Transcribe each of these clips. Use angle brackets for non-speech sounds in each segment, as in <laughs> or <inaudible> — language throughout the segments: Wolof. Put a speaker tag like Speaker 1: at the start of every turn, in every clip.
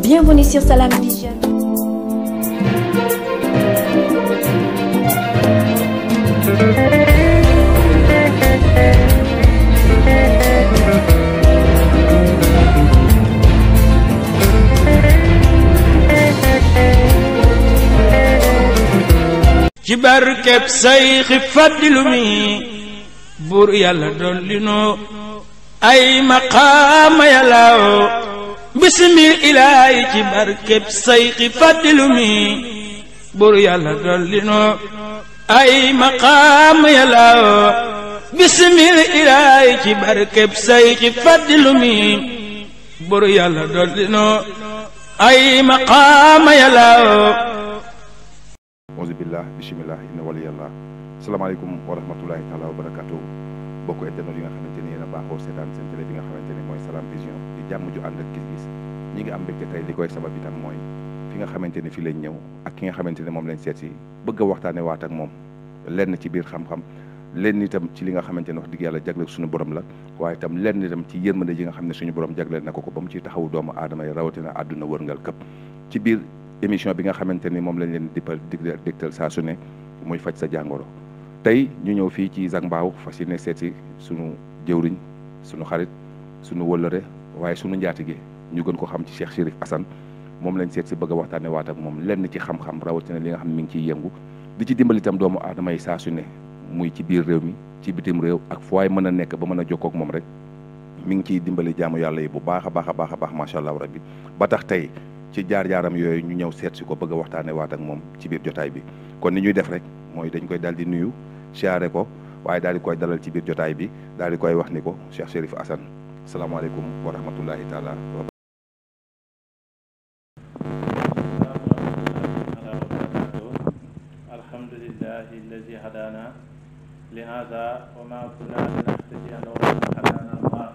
Speaker 1: Bienvenue sur Salam Vision.
Speaker 2: ci barkeb say xi fàddilu mi buur yàlla dolli noo ay maqaama yàllaaw bisimil ilaahi ci barkeb sayxi fàddilu mi buru yàlla dolli noo ay maqaam yàlla bisimil ilaahi ci barkeb sayxi fàddilu mi buru yàlla dolli noo ay maqaam yàlla
Speaker 3: auzu billah bismillah inna waliyallah salaamaaleykum wa rahmatullahi taala wa barakatuhu bokk internet yi nga xamante ni yéen a baaxoo seetaan seen télé bi nga xamante ni mooy Salam Vision di jàmm ju ànd ak kii ñi ngi am mbégte tey li koy sabab itam mooy fi nga xamante ne fi lañ ñëw ak ki nga xamante ne moom lañ seet si bëgg a waxtaane waat ak moom lenn ci biir xam lenn itam ci li nga xamante ne wax dëgg yàlla jagleel suñu borom la waaye itam lenn itam ci yërmande yi nga xam ne suñu borom jagleel na ko ko ba mu ciy taxawu doomu aadama yi rawatina àdduna wërngal ci biir émission bi nga xamante ni moom lañ leen dippal digtal saa su ne muy faj sa jàngoro tey ñu ñëw fii ci Zac Mbao fas yéene seet suñu jëwriñ suñu xarit suñu wëllëre waaye suñu njaatige ñu gën ko xam ci Cheikh Chérif assan moom lañ seet si bëgg a waxtaane waat moom lenn ci xam-xam rawatina li nga xam mi ngi ciy yëngu di ci dimbali itam doomu aadama yi saa su ne muy ci biir réew mi ci bitim réew ak fu waay mën a nekk ba mën a jokkoo moom rek mi ngi ciy dimbali jaamu yàlla yi bu baax a baax a baax a baax macha allah rabbi ba tax tey ci jaar-jaaram yooyu ñu ñëw seet si ko bëgg a waxtaane waat ak moom ci biir jotaay bi kon ni ñuy def rek mooy dañ koy daal di nuyu siyaare ko waaye daal di koy dalal ci biir jotaay bi daal di koy wax ni ko Cheikh Chérif Assane salaamaaleykum wa rahmatullahi taala
Speaker 4: لهذا وما كنا لنهتدي أن هدانا الله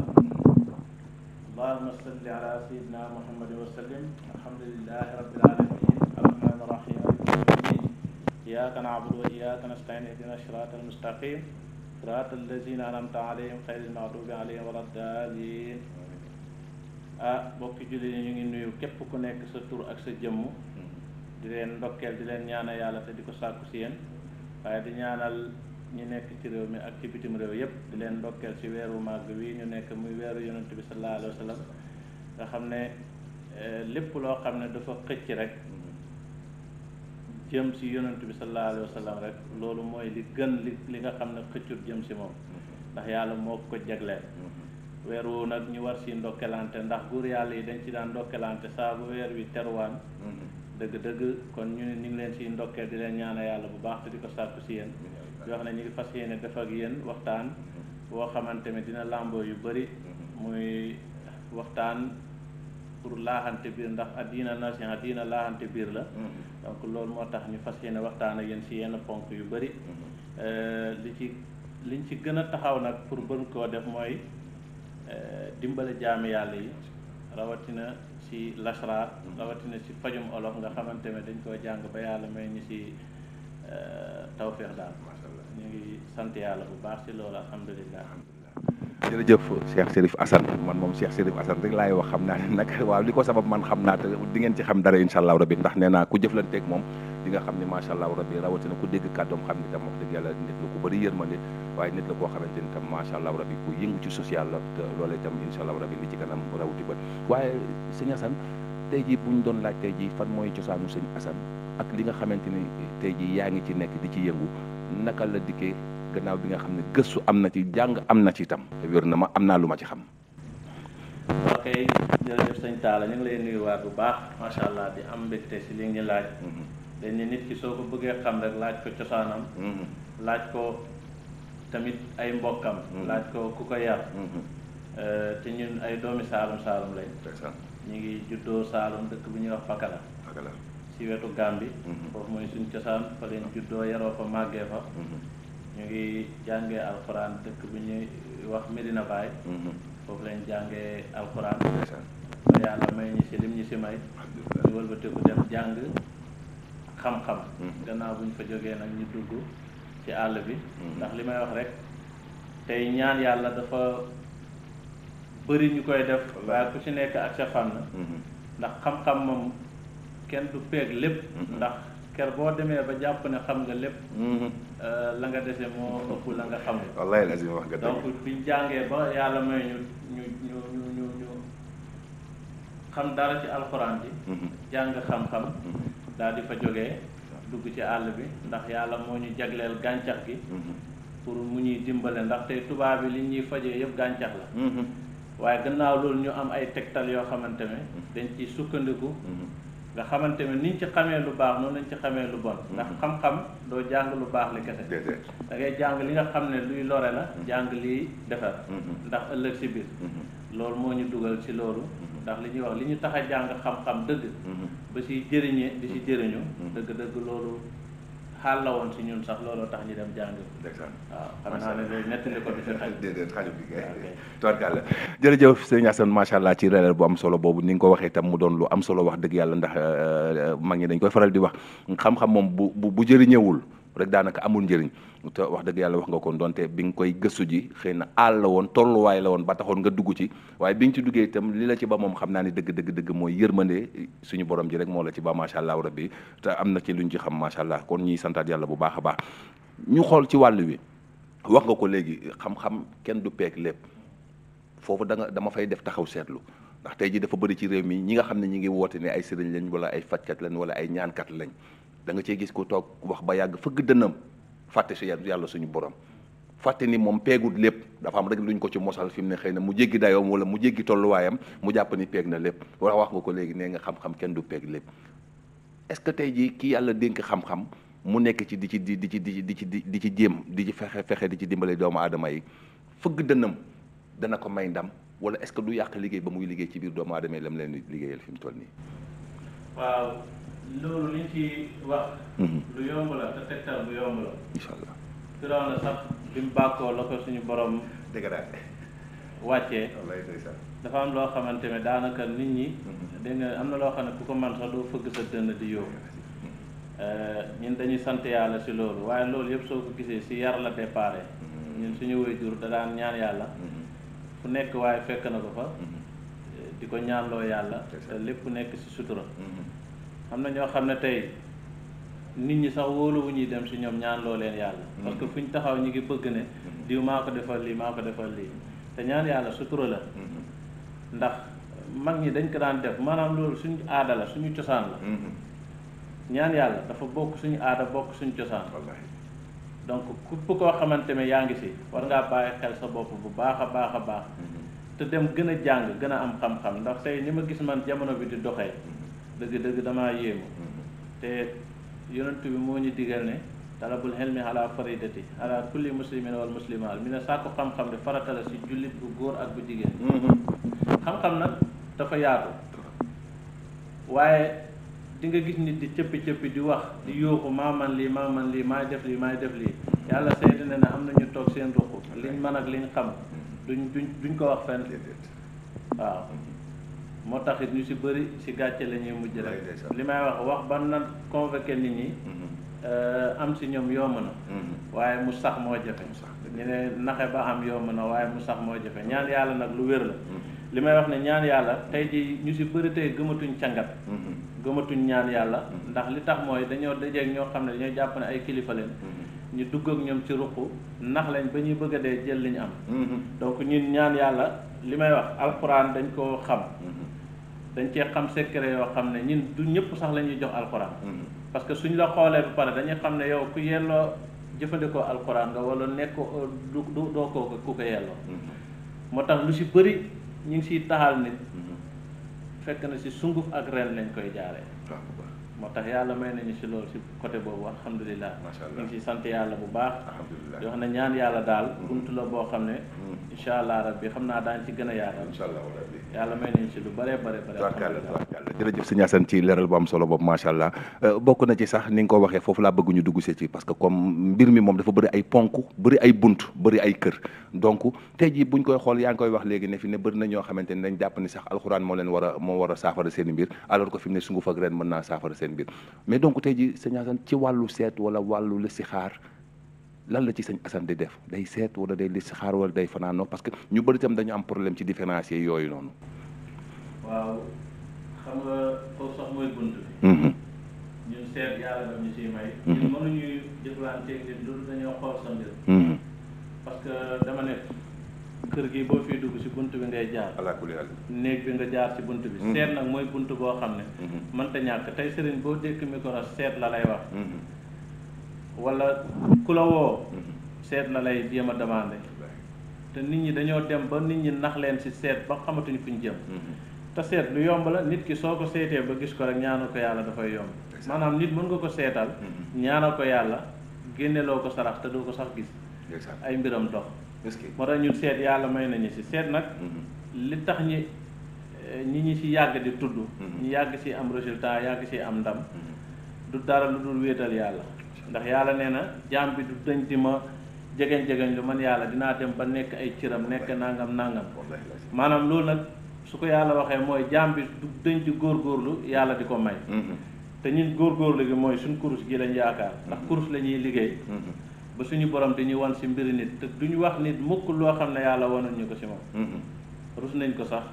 Speaker 4: اللهم صل على سيدنا محمد وسلم الحمد لله رب العالمين الرحمن الرحيم إياك نعبد وإياك نستعين اهدنا الصراط المستقيم صراط الذين أنعمت عليهم غير المغضوب عليهم ولا الضالين ah bokki jullit yi ñu ngi nuyu képp ku nekk sa tur ak sa jëmm di leen ndokkeel di leen ñaanal yàlla te di ko sàkku si yéen waaye di ñaanal ñi nekk ci réew mi ak ci bitim réew yëpp di leen ndokkeel ci weeru màgg wii ñu nekk muy weeru yonent bi sallallahu alayhi wa nga xam ne eh, lépp loo xam ne dafa xëcc rek jëm si yonent bi sallallahu alayhi rek loolu mooy li gën li li nga xam ne xëccut jëm si moom ndax yàlla moo ko jagleel weer woowu nag ñu war si ndokkelante ndax guur yàlla yi dañ ci daan ndokkelante saa bu weer wi terwaan mm-hmm. dëgg-dëgg kon ñu ne ñu ngi leen siy ndokkeel di leen ñaana yàlla bu baax di ko sàkku si yoo na ne ñu ngi fas yéene def ak yéen waxtaan boo xamante ne dina làmboo yu bëri muy waxtaan pour laaxante biir ndax addina nasiha addina laaxante biir la mm-hmm. donc loolu moo tax ñu fas yéene waxtaan ak yéen si yenn ponk yu bëri mm-hmm. euh, li ci liñ ci gën a taxaw nag pour bën koo def mooy euh, dimbale jaami yàlla yi rawatina si lasraar mm-hmm. rawatina si fajum olof nga xamante ne dañ koo jàng ba yàlla may ñu si euh, tawféex daal ñu ngi sant yàlla bu baax ci loolu alhamdulilah.
Speaker 3: jërëjëf Cheikh Serif man moom Cheikh Serif Assane rek laay wax xam naa ne nag waaw li ko sabab man xam naa te di ngeen ci xam dara incha allahu rabi ndax nee naa ku jëflanteeg moom di nga xam ni macha allahu rabi rawatina ku dégg kàddoom xam ni tam wax dëgg yàlla nit la ku bëri yërmande waaye nit la koo xamante ni tam macha allahu rabi ku yëngu ci social la te loola itam incha allahu rabi ci kanam rawati bët waaye sëñ Assane tey jii bu ñu doon laaj tey jii fan mooy cosaanu sëñ Assane ak li nga xamante ni tey jii yaa ngi ci nekk di ci yëngu naka la dikkee gannaaw bi nga xam ne gëstu am na ci jàng am na ci itam te wér na ma am naa lu ma ci xam. ok
Speaker 4: jërëjëf sëñ Talla ñu ngi lay nuyuwaat bu baax macha allah di am mbégte si li laaj. Mhm. dañ ne nit ki soo ko bëggee xam rek laaj ko cosaanam. Mhm. laaj ko tamit ay mbokkam. Mhm. laaj ko ku ko yar. Euh, te ñun ay doomi saalum saalum lañ. ñu ngi juddoo saalum dëkk bu ñuy wax Fakala. ci wetu Gàmbi mm-hmm. foofu mooy suñ cosaan fa leen juddoo yaroo fa màggee fa mm-hmm. ñu ngi jàngee alxuraan dëkk bu ñuy wax Medina Baye mm-hmm. foofu lañ jàngee alxuraan ba yàlla may ñi si lim ñi si may ñu wëlbatiku dem jàng xam-xam gannaaw buñ fa jógee nag ñu dugg ci àll bi ndax li may wax rek tey ñaan yàlla dafa bëri ñu koy def waaye ku ci nekk ak sa fànn ndax xam-xam moom kenn du peeg lépp mm-hmm. ndax ker boo demee ba jàpp ne xam nga lépp mm-hmm. euh, la nga dese moo ëpp la nga xam wallaay lazim wax nga donc biñ jàngee ba yàlla may ñu ñu ñu ñu ñu xam dara ci alxuraan bi mm-hmm. jàng xam-xam daal di fa jógee dugg ci àll bi ndax yàlla moo ñu jagleel gàncax gi pour mu ñuy dimbale ndax tey tubaab bi li ñuy fajee yëpp gàncax la waaye gannaaw loolu ñu am ay tegtal yoo xamante ne dañ ci sukkandiku nga xamante ne niñ ci xamee lu baax noonu lañ ci xamee lu bon ndax mm-hmm. xam-xam doo jàng lu baax li kese da ngay jàng li nga xam ne luy lore la mm-hmm. jàng liy defar mm-hmm. ndax ëllëg si biir loolu moo ñu dugal ci loolu ndax li ñuy wax li ñu tax a jàng xam-xam dëgg ba si jëriñee di si jëriñu dëgg-dëgg loolu xaal la woon si ñun sax looloo tax ñu dem jàng.
Speaker 3: waaw xam naa ne nett ni ko di allah ci relève bu am solo boobu ni nga ko waxee itam mu doon lu am solo wax dëgg yàlla ndax euh, euh, mag ñi dañ koy faral di wax xam-xam moom bu bu bu jëriñewul rek daanaka amul njëriñ te wax dëgg yàlla wax nga kon donte bi nga koy gëstu ji xëy na àll la woon tolluwaay la woon ba taxoon nga dugg ci waaye bi nga ci duggee itam li la ci ba moom xam naa ni dëgg dëgg dëgg mooy yërmande suñu borom ji rek moo la ci ba macha allah rabbi te am na ci lu ñu ci xam macha allah kon ñuy santaat yàlla bu baax a baax ñu xool ci wàll wi wax nga ko léegi xam-xam kenn du peeg lépp foofu danga dama fay def taxaw seetlu ndax tey dafa bëri ci réew mi ñi nga xam ne ñi ngi woote ne ay sëriñ lañ wala ay fajkat lañ wala ay ñaankat lañ da nga cee gis ko toog wax ba yàgg fëgg dënnam fàtte si yàlla suñu borom fàtte ni moom peegut lépp dafa am rek luñ ko ci mosal fi mu ne xëy na mu jéggi dayoom wala mu jéggi tolluwaayam mu jàpp ni peeg na lépp war wax nga ko léegi nee nga xam-xam kenn du peeg lépp est-ce que tey jii ki yàlla dénk xam-xam mu nekk ci di ci di di ci di di ci di di ci jéem di ci fexe fexe di ci dimbali doomu aadama yi fëgg dënnam dana ko may ndam wala est-ce que du yàq liggéey ba muy liggéey ci biir doomu aadama yi la mu leen fi mu nii
Speaker 4: loolu liñ ci wax. Mhm. lu yomb la te tegtal bu yomb la. incha allah Firawna sax bi mu bàkkoo la ko suñu borom. dégradé dafa am loo xamante ne daanaka nit ñi. Mhm. dégg am na loo xam ne ku ko man sax doo fëgg sa dënn di yóbbu. Mhm. Eh, ñun dañuy sant yàlla si loolu waaye loolu yëpp soo ko gisee si yar la déparé. ñun suñu waajur da daan ñaan yàlla. ku nekk waaye fekk na ko fa. Eh, di ko ñaanloo yàlla. te lépp nekk si sutura. am na ñoo xam ne tey nit ñi sax wóoluwu ñuy dem si ñoom ñaan loo leen yàlla mm-hmm. parce que fu ñu taxaw ñu ngi bëgg ne mm-hmm. diw maa ko defal lii maa ko defal lii te ñaan yàlla sutura la mm-hmm. ndax mag ñi dañ ko daan def maanaam loolu suñu aada la suñu cosaan la ñaan yàlla dafa bokk suñu aada bokk suñu cosaan donc kupp koo xamante ne yaa ngi si war ngaa bàyyi xel sa bopp bu baax a baax a baax te dem gën a jàng gën a am xam-xam ndax tey ni ma gis man jamono bi di doxee dëgg dëgg damaa yéemu mm-hmm. te yonent bi moo ñu digal ne talabul xelmi ala faridati ala kulli muslimin wal muslimaat mi ne sàkku xam-xam de farata la si jullit bu góor ak bu jigéen mm-hmm. xam-xam na dafa yaatu waaye di nga gis nit di cëppi cëpp di wax di yuuxu maa man lii maa man lii maa def lii maa def lii mm-hmm. yàlla seeti na ne am na ñu toog seen ruq liñ mën ak liñ xam duñ duñ duñ ko wax fenn waaw moo tax it ñu si bëri si gàcce la ñuy mujj rek li may wax wax ban na convoqué nit ñi mm-hmm. am ci ñoom yomb na mm-hmm. waaye mu sax moo jafe ñu naxe ba am yomb na waaye mu sax moo jafe ñaan yàlla nag lu wér la mm-hmm. li may wax ne ñaan yàlla tey ji ñu si bëri tey gëmatuñ cangat gëmatuñ ñaan yàlla ndax li tax mooy dañoo dajeeg ñoo xam ne dañoo jàpp ne ay kilifa leen ñu dugg ak ñoom ci ruq nax lañ ba ñuy bëgg a dee jël li ñu am donc ñun ñaan yàlla li may wax alxuraan dañ koo xam dañ cee xam secret yoo xam ne ñun du ñëpp sax la ñuy jox alxuraan. Mm-hmm. parce que suñ la xoolee ba pare dañuy xam ne yow ku yelloo jëfandikoo alxuraan nga wala nekkoo du du doo ko ku ko yelloo. Mm-hmm. moo tax lu si bëri ñu ngi siy taxal nit. Mm-hmm. fekk na si sunguf ak ren lañ koy jaaree. moo tax yàlla may nañu si loolu si côté boobu alhamdulilah. macha allah ñu ngi siy sant yàlla bu baax. alhamdulilah di wax ne ñaan yàlla daal. buntu la boo xam ne. incha allah rabbi xam naa daañu ci gën a yaatal. incha allah rabbi yàlla may nañu ci lu bëree bëri. tubarkalla
Speaker 3: tubarkalla jërëjëf sëñ Assane ci leeral bu am solo boobu macha allah euh, bokk na ci sax ni nga ko waxee foofu laa bëgg ñu dugg see ci parce que comme mbir mi moom dafa bëri ay ponk bëri ay bunt bëri ay kër donc tey jii buñ koy xool yaa ngi koy wax léegi ne fi ne bëri na ñoo xamante ne dañ jàpp ni sax alxuraan moo leen war a moo war a saafara seen mbir alors que fi mu ne sunguf ak ren mën naa saafara seen mbir mais donc tey jii sëñ Assane ci wàllu seet wala wàllu listixaar lan la ci sëñ Assane di def day seet wala day listixaar wala day fanaanoo parce que ñu bëri tam dañu am problème ci différencier yooyu noonu.
Speaker 4: waaw xam nga foofu sax mooy bunt bi. Mhm. ñun seet yàlla ñu siy may. Mhm. Mhm. parce que dama ne kër gi boo fiy dugg si bunt bi ngay jaar. néeg bi nga jaar si bunt bi. seet nag mooy bunt boo xam ne. mënta ñàkk tey sëriñ boo dékk micro seet la lay wax. wala ku la woo mhm. seet la lay jéem a demande te nit ñi dañoo dem ba nit ñi nax leen ci seet ba xamatuñu fuñ jëm mhm. te seet lu yomb la nit ki soo ko seetee ba gis ko rek ñaanal ko yàlla dafay yomb maanaam nit mën nga ko seetal mhm. ñaanal ko yàlla génnee génneloo ko sarax te doo ko sax gis ay mbiram dox moo tax ñun seet yàlla may nañu si seet nag li tax ñi ñi ñi ci yàgg di tudd ñu yàgg ci am résultat yàgg ci am ndam du dara lu dul wéetal yàlla ndax yàlla nee na jaam bi du dañ di ma jegeñ-jegeñ lu man yàlla dinaa dem ba nekk ay ciram nekk nangam nangam maanaam loolu nag su ko yàlla waxee mooy jaam bi du dañ di góorgóorlu yàlla di ko may mm-hmm. te góor góorgóorlu gi mooy suñ kurus gi lañ yaakaar ndax mm-hmm. kurus la ñuy liggéey mm-hmm. ba suñu borom di ñu wan si mbiri nit te duñu wax nit mukk loo xam ne yàlla wanul ñu ko si moom rus nañ ko sax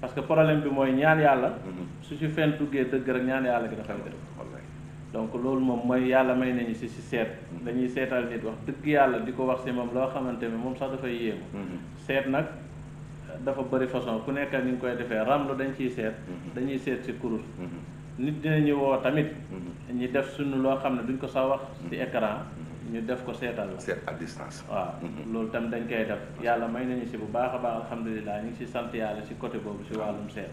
Speaker 4: parce que problème bi mooy ñaan yàlla su si fen duggee dëgg rek ñaan yàlla gi dafay dëgg donc loolu moom mooy yàlla may nañu si si seet mm-hmm. dañuy seetal nit wax dëgg yàlla di ko wax si moom loo xamante ne moom sax dafay yéemu mm-hmm. seet nag dafa bëri façon ku nekk ni ñu koy defee ramlu dañ ciy seet mm-hmm. dañuy seet si kurus nit dinañu woo tamit ñu def suñu loo xam ne duñ ko sa wax si écran ñu def ko seetal la seet à distance waaw loolu tam dañ koy def yàlla may nañu si bu baax a baax alhamdulilah ñu ngi si sant yàlla si côté boobu si ah. wàllum seet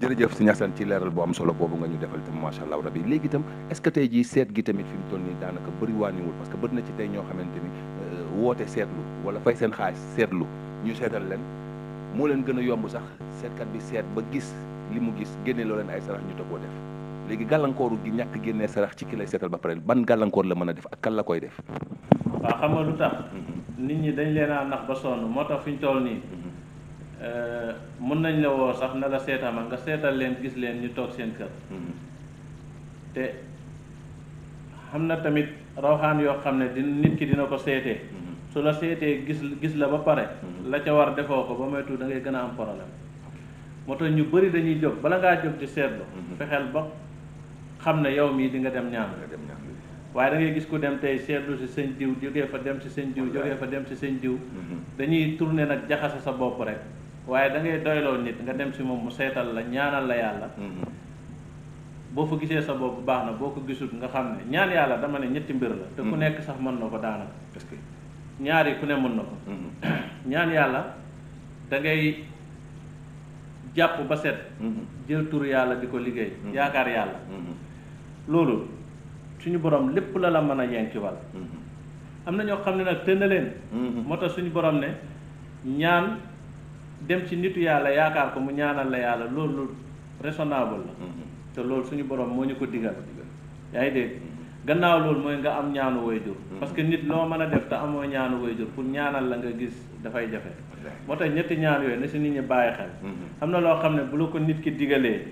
Speaker 3: jërëjëf si ñaxtaan ci leeral boo am solo boobu nga ñu defal tam macha allah rabi léegi itam est tey jii seet gi tamit fi toll nii daanaka bëri parce que bëri na ci tey ñoo xamante ni euh, woote seetlu wala fay seen xaalis seetlu ñu seetal leen moo leen gën a yomb sax seetkat bi seet ba gis li mu gis génnee loo leen ay sarax ñu tëggoo def léegi gàllankooru gi ñàkk génnee sarax ci ki lay seetal ba pare ban gàllankoor la mën a def ak kan la koy def.
Speaker 4: waaw mm-hmm. ñi dañ leen a nax ba Euh, mën nañ la woo sax na la seetal ma nga seetal leen gis leen ñu toog seen kër mm-hmm. te xam na tamit rawxaan yoo xam ne di nit ki dina ko seetee mm-hmm. su la seetee gis gis la ba pare mm-hmm. la ca war defoo ko ba moytu da ngay gën a am problème moo tax ñu bëri dañuy jóg bala ngaa jóg di seetlu fexeel ba xam ne yow mii di nga dem ñaan waaye dangay gis ku dem tey seetlu ci sëñ diw jógee fa dem ci seen diw jógee fa dem si sëñ diw dañuy tourné nag jaxase sa bopp rek waaye da ngay doyloo nit nga dem si moom mu seetal la ñaanal la yàlla mm-hmm. boo fa gisee sa bopp baax na boo ko gisul nga xam ne ñaan yàlla dama ne ñetti mbir la te ku mm-hmm. nekk sax mën na ko daanaka parce que ñaar yi ku ne mën na ko mm-hmm. <clears throat> ñaan yàlla dangay jàpp ba set jël tur yàlla di ko liggéey yaakaar yàlla loolu suñu borom lépp la la mën a yenki wal am na ñoo xam ne nag tënna leen moo tax suñu borom ne ñaan dem ci nitu yàlla yaakaar ko mu ñaanal la yàlla loolu lu raisonnable la mm-hmm. te loolu suñu borom moo ñu ko digal yaay ngi mm-hmm. gannaaw loolu mooy nga am ñaanu waajur mm-hmm. parce que nit loo mën a def te amoo ñaanu waajur pour ñaanal la nga gis dafay jafe moo tax ñetti ñaan yooyu na si nit ñi bàyyi xel am na loo xam ne bu la ko nit ki digalee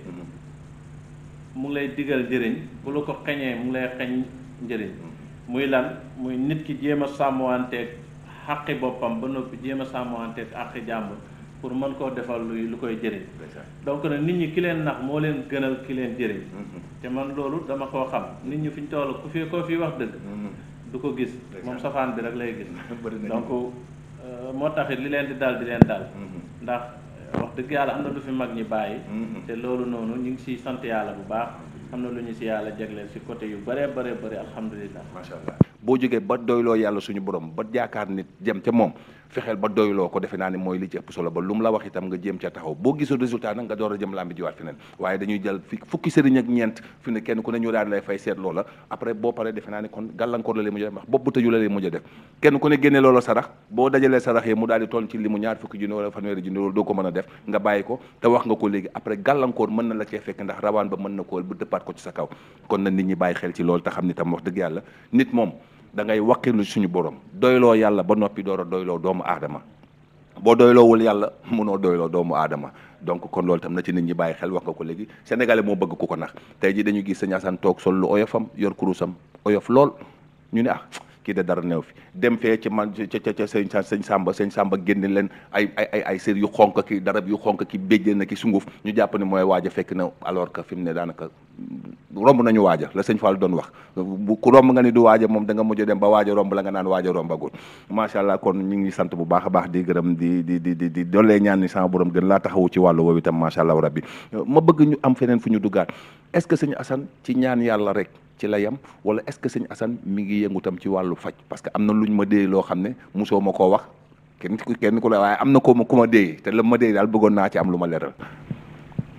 Speaker 4: mu lay digal njëriñ bu la ko xeñee mu ngi lay xeñ njëriñ muy lan muy nit ki jéem a sàmmanteeg xaqi boppam ba noppi jéem a sàmmanteeg àqi jàmbur pour man koo defal lu lu koy jëriñ donc nag nit ñi ki leen nax moo leen gënal ki leen jëriñ mm-hmm. te man loolu dama koo xam nit ñi fi ñu toll ku fi koo fi wax dëgg mm-hmm. du ko gis moom safaan bi rek lay gis <laughs> donc euh, moo taxit li leen di dal di leen dal mm-hmm. ndax euh, wax dëgg yàlla am na lu fi mag ñi bàyyi te loolu noonu ñu ngi siy sant yàlla bu baax xam na lu ñu si yàlla jagleel si côté yu bëree bëree bëri alhamdulilah macha allah
Speaker 3: boo jógee ba doyloo yàlla suñu borom ba yaakaar nit jëm ca moom fexeel ba doyloo ko defe naa ne mooy li ci ëpp solo ba lu la wax itam nga jéem ca taxaw boo gisul résultat nag nga door a jëm làmbi jiwaat feneen waaye dañuy jël fi fukki sëriñ ak ñeent fi ne kenn ku ne ñu daan lay fay seet loola après boo paree defe naa ne kon gàllankoor la lay mujj a def wax bopp kenn ku ne génne loola sarax boo dajalee sarax yi mu daal di toll ci li ñaar fukki junni wala fanweeri junni loolu doo ko mën a ko te wax nga ko léegi après gàllankoor mën na la cee fekk ndax rawaan ba mën ko bu dëppaat sa kaw kon na nit ñi bàyyi xel ci loolu te xam ni tam wax dëgg yàlla nit moom da ngay wakkirlu suñu borom doyloo yàlla ba noppi door a doyloo doomu aadama boo doyloowul yàlla munoo doyloo doomu aadama donc kon loolu tam na ci nit ñi bàyyi xel wax nga ko léegi sénégalais moo bëgg ku ko nax tey ji dañu gis sëñ Assane toog sol lu oyofam yor kurusam oyof lool ñu ne ah kii de dara new fi dem fee ci man ca ca sëñ sëñ Samba sëñ Samba génne leen ay ay ay ay sër yu xonk ki darab yu xonk ki béjjee na ki sunguf ñu jàpp ne mooy waaja fekk na alors que fi mu ne daanaka romb nañu waaja la sëñ Fall doon wax bu ku romb nga ni du waaja moom da nga mujj dem ba waaja romb la nga naan waaja rombagul macha allah kon ñu ngi sant bu baax a baax di gërëm di di di di di doole ñaan ni sama borom gën laa taxawu ci wàllu woowu itam macha allah rabbi ma bëgg ñu am feneen fu ñu duggaat est-ce que sëñ Assane ci ñaan yàlla rek ci la yam wala est-ce que sëñ Assane mi ngi yëngu tam ci wàllu faj parce que am na lu ñu ma déey loo xam ne mosoo ma koo wax kenn ku kenn ku la waaye am na ko ma ku ma déey te la ma déey daal bëggoon naa ci am lu ma leeral.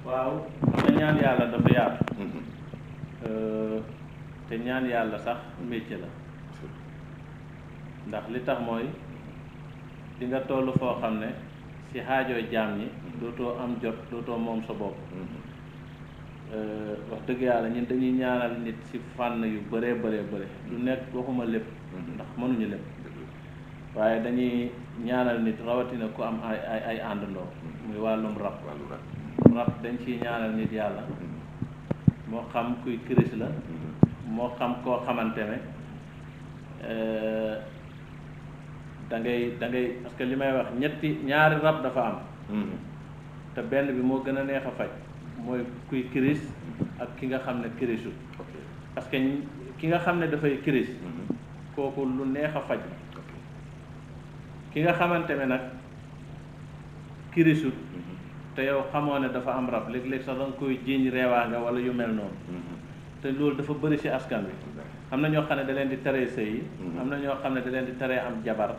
Speaker 2: waaw
Speaker 4: xam nga ñaan yàlla dafa yaatu. Mhm. Euh, te ñaan yàlla sax métier la. ndax li tax mooy di nga toll foo xam ne si xaajoo jaam ñi mhm. dootoo am jot dootoo moom sa bopp. Mhm. Euh, wax dëgg yàlla ñun dañuy ñaanal nit ci fànn yu bëree bëree bëri lu nekk waxuma lépp mhm. ndax mënuñu lépp waaye dañuy ñaanal nit rawatina ku am ay ay ay àndandoo mhm. muy wàllum rab rab dañ ciy ñaanal nit yàlla mhm. moo xam kuy crise la moo xam koo xamante ne euh, da dangay da parce que li may wax ñetti ñaari rab dafa am te benn bi moo gën a neex a faj mooy kuy crise ak ki nga xam ne crise parce que ki nga xam ne dafay crise mhm. kooku lu neex a faj la ki nga xamante ne nag crise mhm. te yow xamoo ne dafa am rab léeg-léeg sax da koy jiiñ reewaa nga wala yu mel noonu mhm. te loolu dafa bëri si askan wi am na ñoo xam ne da di taree sëy yi am na ñoo xam ne da di taree am jabar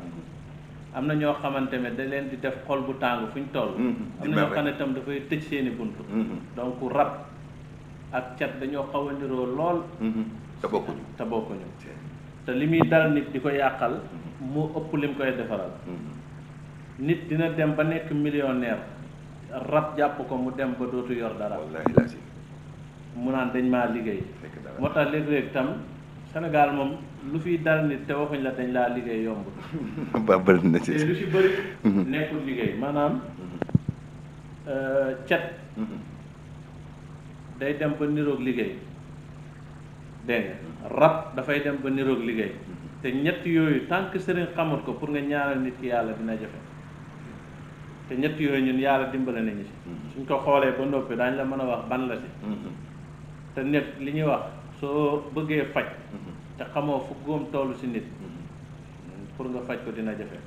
Speaker 4: am na ñoo xamante ne da leen di def xol bu tàng fu ñu toll. Mm-hmm. am na ñoo xam ne itam dafay tëj seeni bunt. Mm-hmm. donc rab ak cat dañoo xaw a niroo lool. Mm-hmm. te bokkuñu te li muy dal nit di ko yàqal. moo ëpp lim koy defaral. nit dina dem ba nekk millionnaire rab jàpp ko mu dem ba dootu yor dara. mu naan dañ maa liggéey. moo tax léeg-léeg tam Sénégal moom lu fi dal nit te waxuñ la dañ laa liggéey yomb. <laughs> ba bëri na ci lu ci bëri. Mhm. nekkul liggéey maanaam. Mhm. Euh, cet. Mhm. day dem ba niroog liggéey. dégg rab dafay dem ba niroog liggéey. te ñett yooyu tant que sëriñ xamut ko pour nga ñaanal nit ki yàlla dina jafe. te ñett yooyu ñun yàlla dimbale nañu si. suñ ko xoolee ba noppi daañ la mën a wax ban la si. te nit li ñuy wax. soo bëggee faj mhm. te xamoo fu góom toolu si nit mhm. pour nga faj ko dina jafe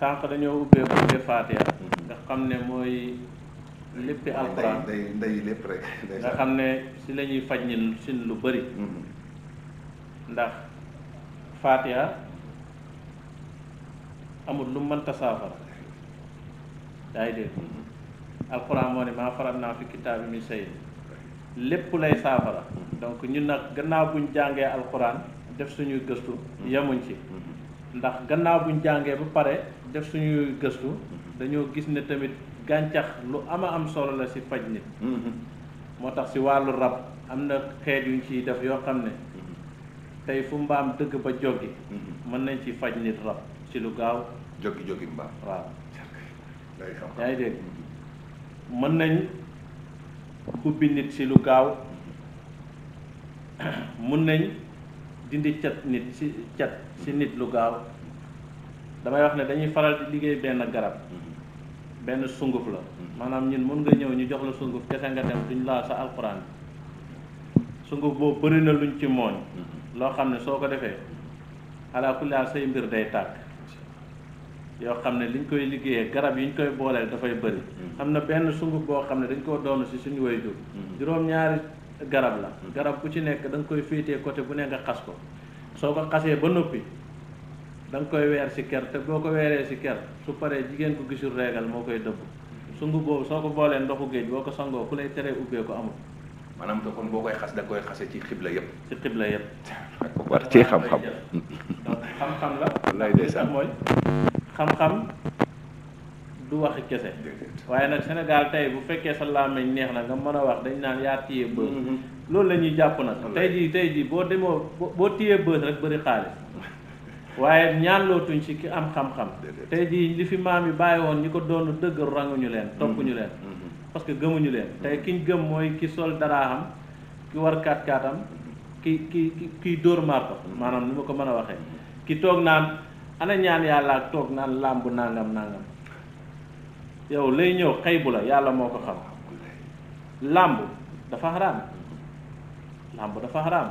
Speaker 4: sànq dañoo ubbee ubbee faatiha mhm. nga xam ne mooy léppi alxuraan
Speaker 3: lépp rek <laughs> nga xam
Speaker 4: ne si la faj ñi sin lu bëri ndax faatiha amul lu mënta saafara daay dégg alxuraan moo ne maa faral naa fi kitaab yi mi sayin lépp lay saafara donc ñun nag gannaaw buñ jàngee alxuraan def suñuy gëstu yemuñ ci ndax gannaaw buñ jàngee ba pare def suñuy gëstu dañoo gis ne tamit gàncax lu ama am solo la ci faj nit moo tax ci wàllu rab am na xeet yuñ ciy def yoo xam ne tey fu mbaam dëgg ba joggi mën nañ ci faj nit rab ci lu gaaw joggi joggi mbaam waaw yaa dégg mën nañ ubbi nit si lu gaaw <clears throat> mun nañ dindi cat nit ci cat ci nit lu gaaw damay wax ne dañuy faral di liggéey benn garab mm-hmm. benn sunguf la mm-hmm. maanaam ñun mun nga ñëw ñu jox la sunguf kese nga dem duñ laal sa alxuraan sunguf boobu bari na luñ ci mooñ mm-hmm. loo xam ne soo ko defee alaa kulli say mbir day tàkk yoo xam ne liñ koy liggéeyee garab yi yiñ koy booleel dafay bari mm-hmm. am na benn sunguf boo xam ne dañ koo doon si suñu way jur mm-hmm. juróom-ñaari garab la mm-hmm. garab ku ci nekk danga koy féetee côté bu ne nga xas ko soo ko xasee ba noppi da koy weer si ker te boo ko weeree si ker su paree jigéen ko gisul reegal moo koy dëbb sunguf boobu soo ko boolee ndoxu géej boo ko sangoo ku lay teree
Speaker 3: ubbee ko amul maanaam te kon boo koy xas da koy xase ci xibla yëpp. ci xibla yëpp. <laughs> war ci xam-xam. <laughs> xam-xam la. wallaay ndeysaan mooy. xam-xam
Speaker 4: du waxi kese waaye nag Sénégal tey bu fekkee sa làmmiñ neex na nga mën a wax dañ naan yaa téye bës mm-hmm. loolu la ñuy jàpp nag tey jii tey jii boo demoo boo téyee bës rek bëri xaalis waaye ñaanlootuñ si ki am xam-xam tey jii li fi maam yu bàyyi woon ñi ko doon dëgg ranguñu leen mm-hmm. toppuñu leen
Speaker 1: mm-hmm.
Speaker 4: parce que gëmuñu leen tey kiñ gëm mooy ki sol daraaxam ki war kaat kaatam ki ki ki kiy dóor marto maanaam ni ma ko mën a waxee ki toog naan ana ñaan yàlla ak toog naan làmb nangam nangam yow lay ñëw xaybu la yàlla moo ko xam làmb dafa xaraam làmb dafa xaraam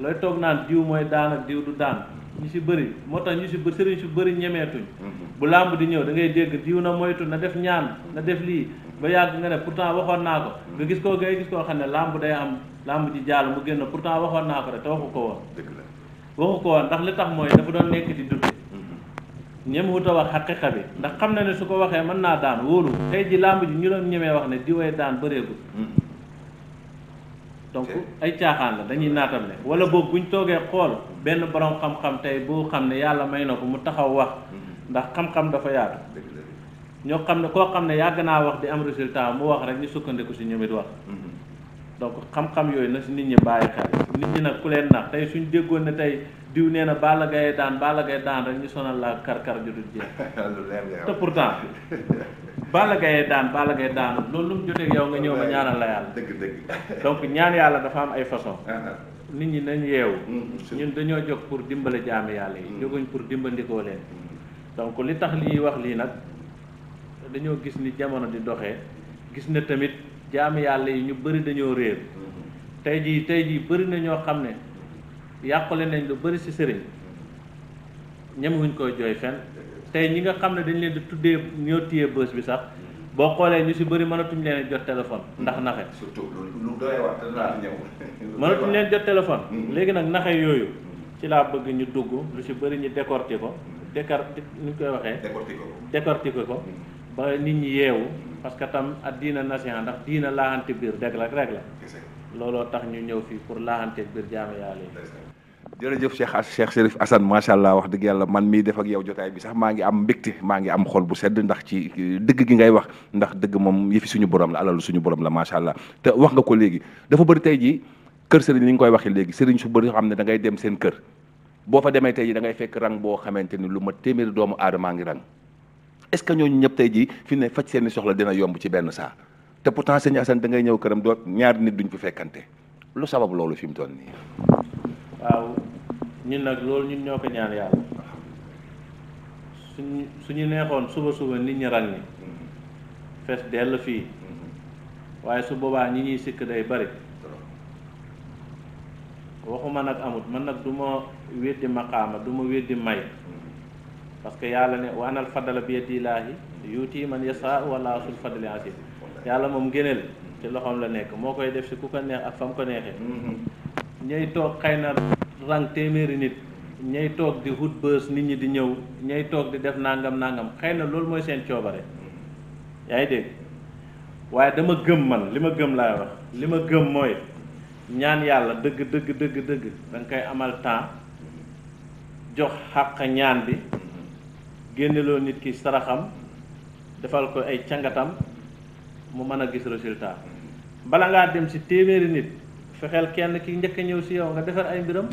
Speaker 4: looy toog naan diw mooy daan ak diw du daan ñu si bëri moo tax ñu si bëri sëriñ si bëri ñemeetuñ mhm. bu làmb di ñëw da ngay dégg diw na moytu na def ñaan na def lii ba yàgg nga ne pourtant waxoon naa ko mhm. nga gis koo ngay gis koo xam ne làmb day am làmb ji jàll mu génn pourtant waxoon naa ko rek te waxu ko woon waxu ko woon ndax li tax mooy ñemewut a wax xaqiqa bi ndax xam na ne su ko waxee mën naa daan wóolu tey ji làmb ji ñu doon ñemee wax ne di way daan bëreegul donc ay caaxaan la dañuy naatam ne wala boog buñ toogee xool benn borom xam-xam tey boo xam ne yàlla may na ko mu taxaw wax ndax xam-xam dafa yaatu ñoo xam ne koo xam ne yàgg naa wax di am résultat mu wax rek ñu sukkandiku si ñoom it wax donc xam-xam yooyu na si nit ñi bàyyi xel nit ñi nag ku leen nax tey suñ déggoon ne tey diw nee na Balla Gaye daan baala Gaye daan rek ñu sonal la kar-kar ju dul jeex <laughs> te pourtant Balla Gaye daan Balla Gaye daan loolu lu mu jotee yow nga ñëw nga ñaanal la yàlla dëgg dëgg <laughs> donc ñaan yàlla dafa am ay façon ah, ah. nit ñi nañ yeewu mm, mm, ñun dañoo jóg pour dimbale jaami yàlla yi mm. jóguñ pour dimbandikoo leen donc li tax lii wax lii nag dañoo gis ni jamono di doxee gis na tamit jaami yàlla yi ñu bari dañoo réer tey jii tey jii bëri na ñoo xam ne yàqule nañ lu bëri ci sëriñ ñemewuñ koy jooy fenn tey ñi nga xam ne dañ leen di tuddee ñoo téye bës bi sax boo xoolee ñu si bëri mënatuñ leen jot téléphone ndax naxe.
Speaker 3: surtout lu doy wax danaa ñëw <laughs>
Speaker 4: leen jot téléphone. Mm-hmm. léegi nag naxe yooyu ci laa bëgg ñu dugg lu ci bëri ñu décortiquer ko
Speaker 3: mm-hmm. décor ni ñu koy waxee. décortiquer ko
Speaker 4: décortiquer ko ba nit ñi yeewu. parce que tam ak diina nation ndax diina laaxante biir dégg la rek la looloo tax ñu ñëw fii pour laaxante biir jaamu yàlla yi
Speaker 3: jërëjëf Cheikh Cheikh Chérif Assane macha allah wax dëgg yàlla man mii def yow jotaay bi sax maa ngi am mbégte maa ngi am xol bu sedd ndax ci euh, dëgg gi ngay wax ndax dëgg moom yëfi suñu borom la alalu suñu borom la macha allah te wax nga ko léegi dafa bëri tey jii kër sëriñ li ñu koy waxee léegi sëriñ su bëri xam ne dangay dem seen kër boo fa demee tey fekk rang boo xamante ni lu ma téeméeri doomu aadamaa ngi rang est-ce que ñooñu ñëpp tey jii fi ne faj seeni soxla dina yomb ci benn saa te pourtant sëñ Assane da ngay ñëw këram doo ñaar nit duñ fi fekkante lu sabab loolu fi mu toll nii.
Speaker 4: waaw ñun nag loolu ñun ñoo ko ñaan yàlla suñu suñu neexoon suba suba nit ñi rang ni fees dell fii waaye su boobaa ñi ñuy sikk day bari waxuma nag amut man nag du ma weddi maqaama du ma weddi may. parce que yàlla ne wa anal fadala bi yadillaahi yuuti man yasa wala sul fadli asim yàlla moom ngëneel ci loxoom la nekk moo koy def si ku ko neex ak fam ko neexee mm-hmm. ñay toog xëy na rang nit ñay toog di nit ñi di ñëw ñay toog di def nangam nangam xëy na loolu mooy seen coobare yaa ngi dégg waaye dama gëm man li ma gëm laay wax li ma gëm mooy ñaan yàlla dëgg dëgg dëgg dëgg da koy amal temps jox xàq ñaan bi génneloo nit ki saraxam defal ko ay cangatam mu mën a gis résultat bala ngaa dem si téeméeri nit fexeel kenn ki njëkk ñëw si yow nga defar ay mbiram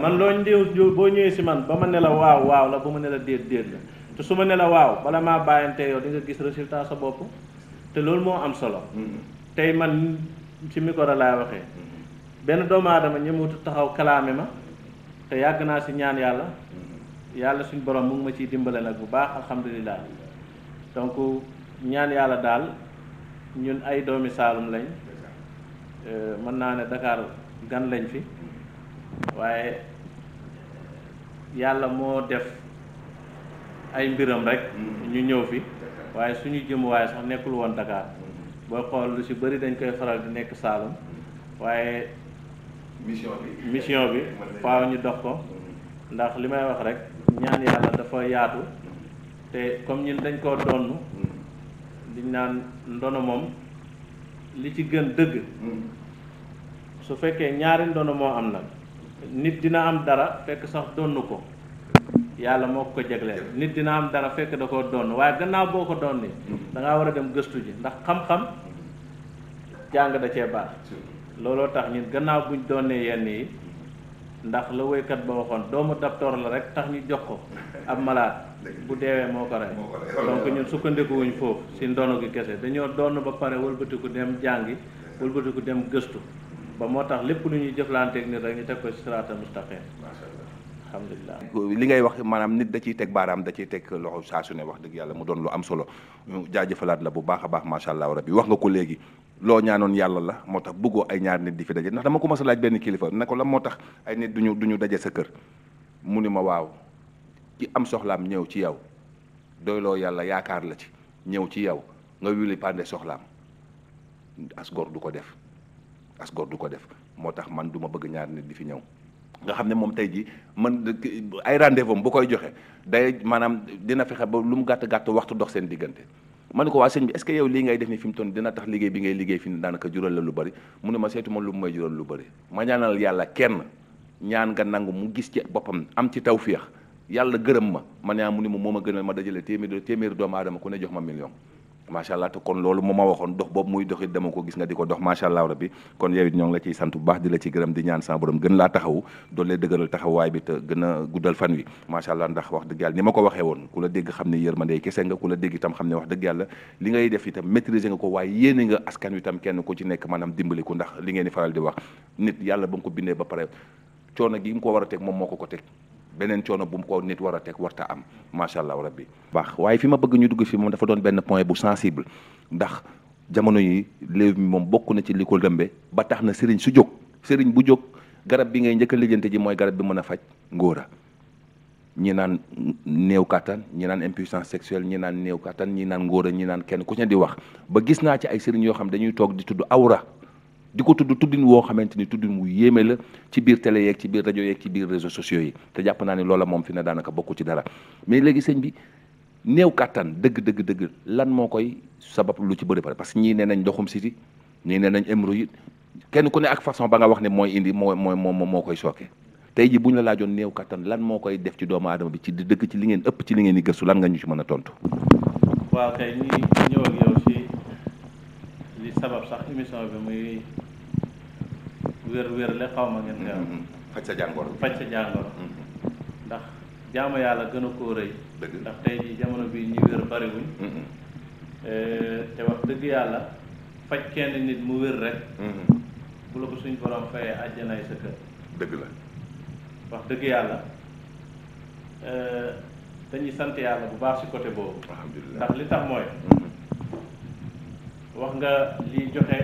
Speaker 4: man loo ñëw boo ñëwee si man ba ma ne la waaw waaw la ba ma ne la déet déet la te su ma ne la waaw bala maa bàyyante yow di nga gis résultat sa bopp te loolu moo am solo tey man ci micro laa waxee mm-hmm. benn doomu aadama ñëmutu taxaw kalaame ma te yàgg naa si ñaan yàlla yàlla suñ borom mu ngi ma ciy dimbale nag bu baax alhamdulilah donc ñaan yàlla daal ñun ay doomi saalum lañ euh, mën naa ne Dakar gan lañ fi waaye yàlla moo def ay mbiram rek ñu ñëw fi waaye suñu jëm waaye sax nekkul woon Dakar booy xool lu ci bari dañ koy faral di nekk saalum waaye mission bi mission ñu dox ko mm-hmm. ndax li may wax rek ñaan yàlla dafa yaatu te comme ñu dañ koo donn liñ mm. naan ndono moom li ci gën dëgg mm. su fekkee ñaari ndono moo am nag nit dina am dara fekk sax donn ko yàlla moo ko jegle nit dina am dara fekk da koo donn waaye gannaaw boo ko donn mm. da ngaa war a dem gëstu ji ndax xam-xam jàng da cee baax looloo tax ñun gannaaw buñ donnee yenn yi ndax la woykat ba waxoon doomu docteur la rek tax ñu jox ko ab malaat bu deewee moo ko rey donc ñun sukkandikuwuñ foofu si ndono gi kese dañoo doon ba pare wëlbatiku dem jàngi wëlbatiku dem gëstu ba moo tax lépp lu ñuy jëflanteeg nit rek ñu teg ko si siraatal mustaqim alhamdulilah
Speaker 3: li ngay wax maanaam nit da ciy teg baaraam da ciy teg ne wax dëgg yàlla mu doon lu am solo jaajëfalaat la bu baax a baax macha allah rabi wax nga ko léegi loo ñaanoon yàlla la moo tax bëggoo ay ñaar nit di fi daje ndax dama ko mas a laaj benn kilifa ne ko la moo tax ay nit duñu duñu daje sa kër mu ni ma waaw ki am soxlaam ñëw ci yow doyloo yàlla yaakaar la ci ñëw ci yow nga wili pande soxlaam as du ko def as góor du ko def moo tax man du ma bëgg ñaar nit di fi ñëw nga xam ne moom tey jii man ay rendez-vous bu koy joxe day maanaam dina fexe ba lu mu gàtt gàtt waxtu dox seen diggante ma ne ko waa sëñ bi est-ce que yow lii ngay def ni fi mu dina tax liggéey bi ngay liggéey fi ni daanaka jural la lu bari mu ne ma seetu ma lu may jural lu bari ma ñaanal yàlla kenn ñaan nga nangu mu gis ci boppam am ci tawféex yàlla gërëm ma man yaa ah, mu ni ma moo ma gënal ma dajale téeméer téeméer doomu aadama ku ne jox ma million macha allah te kon loolu moo ma waxoon dox boobu muy doxit dama ko gis nga di ko dox macha allah rabbi kon yow it ñoo ngi la ciy sant bu baax di la ci gërëm di ñaan sa borom gën laa taxawu doon lay dëgëral taxawaay bi te gën guddal fan wi macha allah ndax wax dëgg yàlla ni ma ko waxee woon ku la dégg xam ne yërmande kese nga ku la dégg itam xam ne wax dëgg yàlla li ngay def itam maîtriser nga ko waaye yéene nga askan wi itam kenn ku ci nekk maanaam dimbali ko ndax li ngeen di faral di wax nit yàlla ba nga ko bindee ba pare coono gi nga ko war a teg moom moo ko ko teg beneen coono bu mu ko nit war a teg warta am macha allah rabbi baax waaye fi ma bëgg ñu dugg fi moom dafa doon benn point bu sensible ndax jamono yi léew mi moom bokk na ci li ko lëmbe ba tax na sëriñ su jóg sëriñ bu jóg garab bi ngay njëkk a lijjante ji mooy garab bi mën a faj ngóora ñi naan néew kattan ñi naan impuissance sexuelle ñi naan néew kattan ñi naan ngóora ñi naan kenn ku ci di wax ba gis naa ci ay sëriñ yoo xam dañuy toog di tudd awra di ko tudd tuddin woo xamante ni tuddin wu yéeme la ci biir télé yeeg ci biir rajo yeeg ci biir réseaux sociaux yi te jàpp naa ni loola moom fi ne daanaka bokku ci dara mais léegi sëñ bi néew kàttan dëgg dëgg dëgg lan moo koy sabab lu ci bëri pare parce que ñii nee nañ ndoxum siti ñii nee nañ hémorroïde kenn ku ne ak façon ba nga wax ne mooy indi moo moo moo moo koy sooke tey ji bu ñu la laajoon néew kàttan lan moo koy def ci doomu aadama bi ci dëgg ci li ngeen ëpp ci li ngeen di gëstu lan nga mën a tontu.
Speaker 4: waaw kay ñi ñëw wér-wér le xaw ma ngeen koy wax. Mm-hmm. faj sa jàngoro. faj sa jàngoro. Mm-hmm. ndax jaamu yàlla gën a ko rëy. ndax tey jamono bii ñi wér bariwuñ. Mm-hmm. Eh, te wax dëgg yàlla faj kenn nit mu wér rek. bu la ko suñ borom fayee àjjanaay sa kër. dëgg la. wax dëgg yàlla eh, dañuy sant yàlla bu baax ci côté boobu. ndax li tax mooy. wax nga liy joxe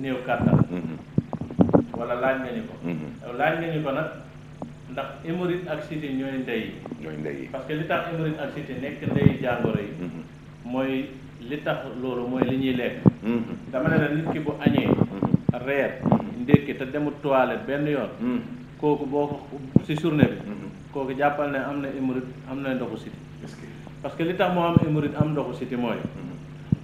Speaker 4: néew kàttan. wala laaj nga ñu ko mhm. laaj nga ñu ko nag ndax hémorroïde ak cité ñooy ndey yi ñooy ndey yi parce que li tax hémorroïde ak cité nekk ndeyu jàngoro yi mhm. mooy li tax loolu mooy li ñuy lekk mhm. dama ne la nit ki bu añee reer ndékki te demul toilette benn yoon kooku boo ko si bi kooku jàppal ne am na hémorroïde am na ndoxu cité parce que li tax moo am hémorroïde am ndoxu cité mooy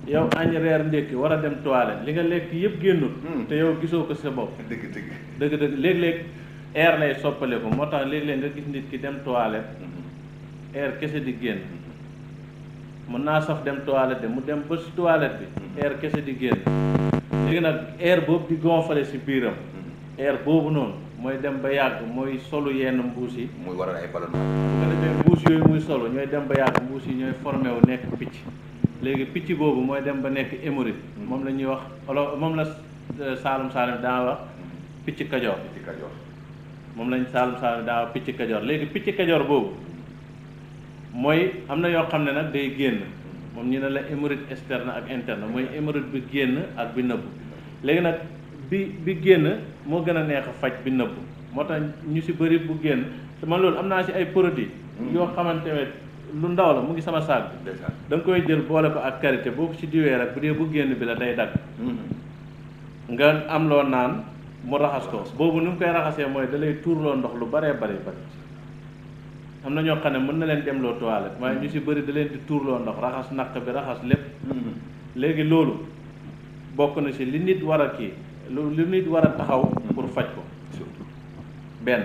Speaker 4: yow añ reer ndékki war a dem toilette li nga lekk yëpp génn hmm. te yow gisoo ko sa bopp dëgg dëgg dëgg dëgg léeg-léeg air lay soppale ko moo tax léeg-léeg nga gis nit ki dem toilette hmm. air kese di génn mën naa saf dem toilette de mu dem ba si toilette bi hmm. air kese di génn léegi nag air boobu di gonfale si biiram air boobu noonu mooy dem ba yàgg mooy solu yenn mbuus yi muy waral ay ballon bu ko defee mbuus yooyu muy solu ñooy dem ba yàgg mbuus yi ñooy formé wu nekk picc léegi picc boobu mooy dem ba nekk émoride mm-hmm. moom lañuy wax olo moom la euh, saalum saalum daa wax picc kajoor picc kajoor moom lañ saalum saalum daa wax picc kajoor léegi picc kajoor boobu mooy am na yoo xam ne nag day génn moom ñu ne la émoride externe ak interne mooy émoride bi génn ak bi nëbbu léegi nag bi bi génn moo gën a neex a faj bi nëbbu moo tax ñu si bëri bu génn te loolu am naa si ay produits mm-hmm. yoo xamante lu ndaw la mu ngi sama saag bi koy jël boole ko ak karité boobu ci diwee rek bu dee bu génn bi la day dagg nga am loo naan mu raxas ko boobu ni mu koy raxasee mooy dalay lay tuurloo ndox lu baree bari bari am na ñoo xam ne mën na leen demloo toilette waaye ñu si bëri daleen leen di tuurloo ndox raxas naq bi raxas lépp léegi loolu bokk na si li nit war a kii lu li nit war a taxaw pour faj ko benn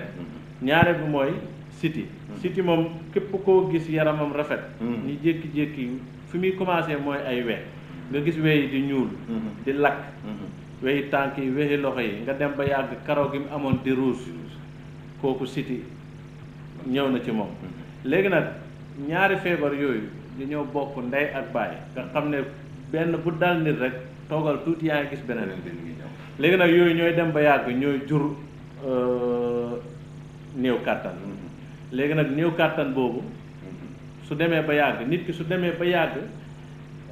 Speaker 4: ñaare bi mooy siti siti moom képp koo gis yaramam rafet ñu hmm. jékki-jékki fi muy commencé mooy ay we nga gis we yi di ñuul hmm. di lakk hmm. weyi tànk yi weyi loxo yi nga dem ba yàgg karaw gi mu amoon di ruus kooku siti ñëw na ci moom léegi nag ñaari feebar yooyu dañoo bokk ndey ak baay nga xam ne benn bu dal nit rek toogal tuuti yaa ngi gis beneen léegi nag yooyu ñooy dem ba yàgg ñooy jur euh, néew kàttan léegi nag néew kàttan boobu su demee ba yàgg nit ki su demee ba yàgg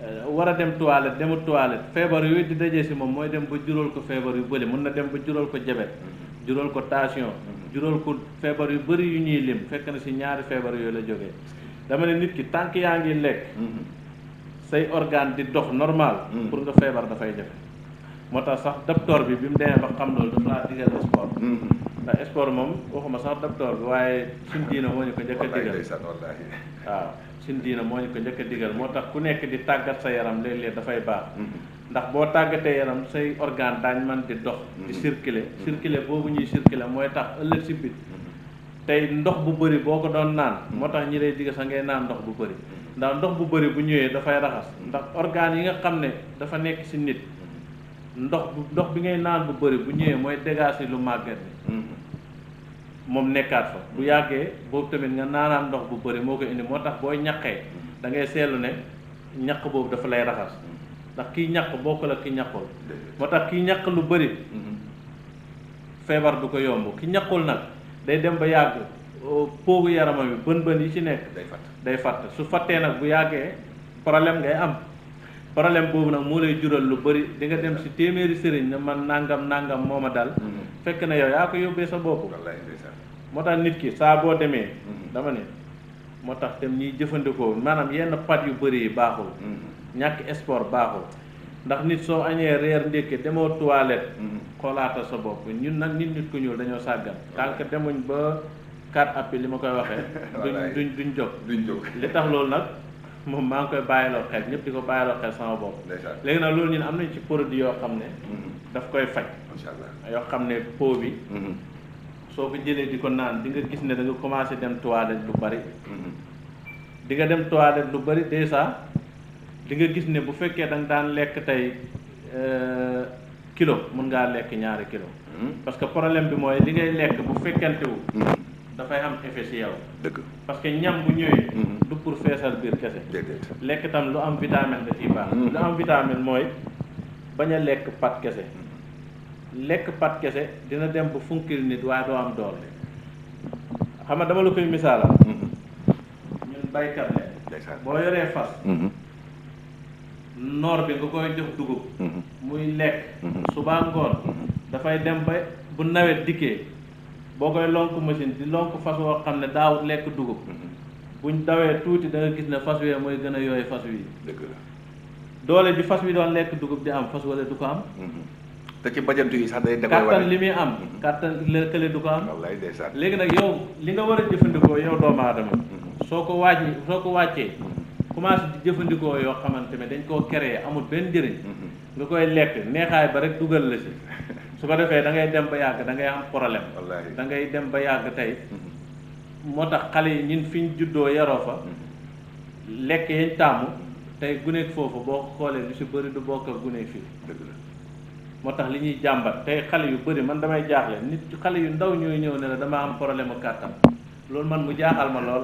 Speaker 4: euh, war a dem toilette demut toilette feebar yooyu di dajee si moom mooy dem ba juróol ko feebar yu bëri mun na dem ba jural ko jabet juróol ko tension juróol ko feebar yu bëri yu ñuy lim fekk na si ñaari feebar yooyu la jógee dama ne nit ki tànk yaa ngi lekk mhm. say organe di dox normal mhm. pour nga feebar dafay jafe moo tax sax docteur bi bi mu demee ba xam loolu dafa laa digal sport mm-hmm. ndax sport moom waxuma sax docteur bi waaye suñ diina moo ñu ko njëkk a digal waaw suñ diina moo ñu ko njëkk a digal moo tax ku nekk di tàggat sa yaram léeg-léeg dafay baax mm-hmm. ndax boo tàggatee yaram say organe daañ man di dox di mm-hmm. circuler circuler boobu ñuy circuler mooy tax ëllëg si bit tey ndox bu bëri boo ko doon naan moo tax ñi lay digal sa ngay naan ndox bu bëri ndax ndox bu bëri bu ñëwee dafay raxas ndax organe yi nga xam ne dafa nekk si nit ndox bu ndox bi ngay naan bu bari bu ñëwee mooy dégâts lu màgget mm-hmm. moom nekkaat fa bu yàggee boobu tamit nga naanaan ndox bu bari moo ko indi moo tax boo ñaqee mm-hmm. dangay seelu ne ñaq boobu dafa lay raxas mm-hmm. ndax kiy ñaq bokkul ak ki ñaqul moo tax kiy ñaq lu bari feebar du ko yomb ki ñaqul nag day dem ba yàgg oh, poogu yaramam yi bën bën yi ci nekk day fatt su fattee nag bu yàggee problème ngay am problème boobu nag moo lay jural lu bari di nga dem si téeméeri sëriñ na man nàngam nangam moo ma dal mm-hmm. fekk na yow yaa ko yóbbee sa bopp moo tax nit ki saa boo demee mm-hmm. dama ne moo tax dem ñiy jëfandikoo maanaam yenn pat yu bëri baaxul mm-hmm. ñàkk sport baaxul ndax nit soo añee reer ndékke demoo toilette xoolaata sa bopp ñun nag nit nit ku ñuul dañoo sàggan tànk demuñ ba quatre appuis li ma koy waxee <laughs> duñ duñ duñ jóg duñ jóg li tax loolu nag <laughs> moom maa ngi koy bàyyiloo xel ñëpp di ko bàyyiloo xel sama bopp. léegi nag loolu ñun am nañ ci produit yoo xam ne. Mm-hmm. daf koy faj. macha yoo xam ne po bi. Mm-hmm. soo ko jëlee di ko naan di nga gis ne da nga commencé dem toilette lu bari. Mm-hmm. di nga dem toilette lu bari déjà di nga gis ne bu fekkee da daan lekk tey euh, kilo mun ngaa lekk ñaari kilo parce que problème bi mooy li ngay lekk bu fekkente dafay am effet ci yow. dëgg parce que ñam bu ñëwee. Mm-hmm. du pour feesal biir kese. lekk tam lu am vitamine da ciy baax. Mm-hmm. lu am vitamine mooy bañ a lekk pat kese. Mm-hmm. lekk pat kese dina dem bu funkil nit waaye doo am doole. xam nga dama la koy misaalal. ñun baykat ne boo yoree fas. noor bi nga koy jox dugub. muy lekk. subaa ngoon dafay dem ba bu nawet dikkee. boo koy lonk machine di lonk fas woo xam ne daawut lekk dugub mm-hmm. buñ dawee tuuti da gis ne fas wee mooy gën a yooyu fas wi doole bi fas wi doon lekk dugub di am fas wala du mm-hmm.
Speaker 3: te ci bajantu yi sax da koy li
Speaker 4: muy am mm-hmm. kattan lëkkale du ko am léegi nag yow li nga war a jëfandikoo yow doomu aadama soo ko wàcc soo ko wàccee commencé di jëfandikoo yoo xamante ne dañ koo créé amul benn njëriñ nga koy lekk neexaay ba rek dugal la si su ko defee dangay dem ba yàgg dangay am problème. wallaahi da ngay dem ba yàgg tey. Mm-hmm. moo tax xale yi ñun fi ñu juddoo yaroo fa. Mm-hmm. lekk yañ tàmm tey guneeg foofu boo xoolee lu si bëri du bokk ak guneeg fii. moo tax li ñuy jàmbar tey xale yu bari man damay jaaxle nit xale yu ndaw ñooy ñëw ne la dama am problème mu kàttan. loolu man mu jaaxal ma lool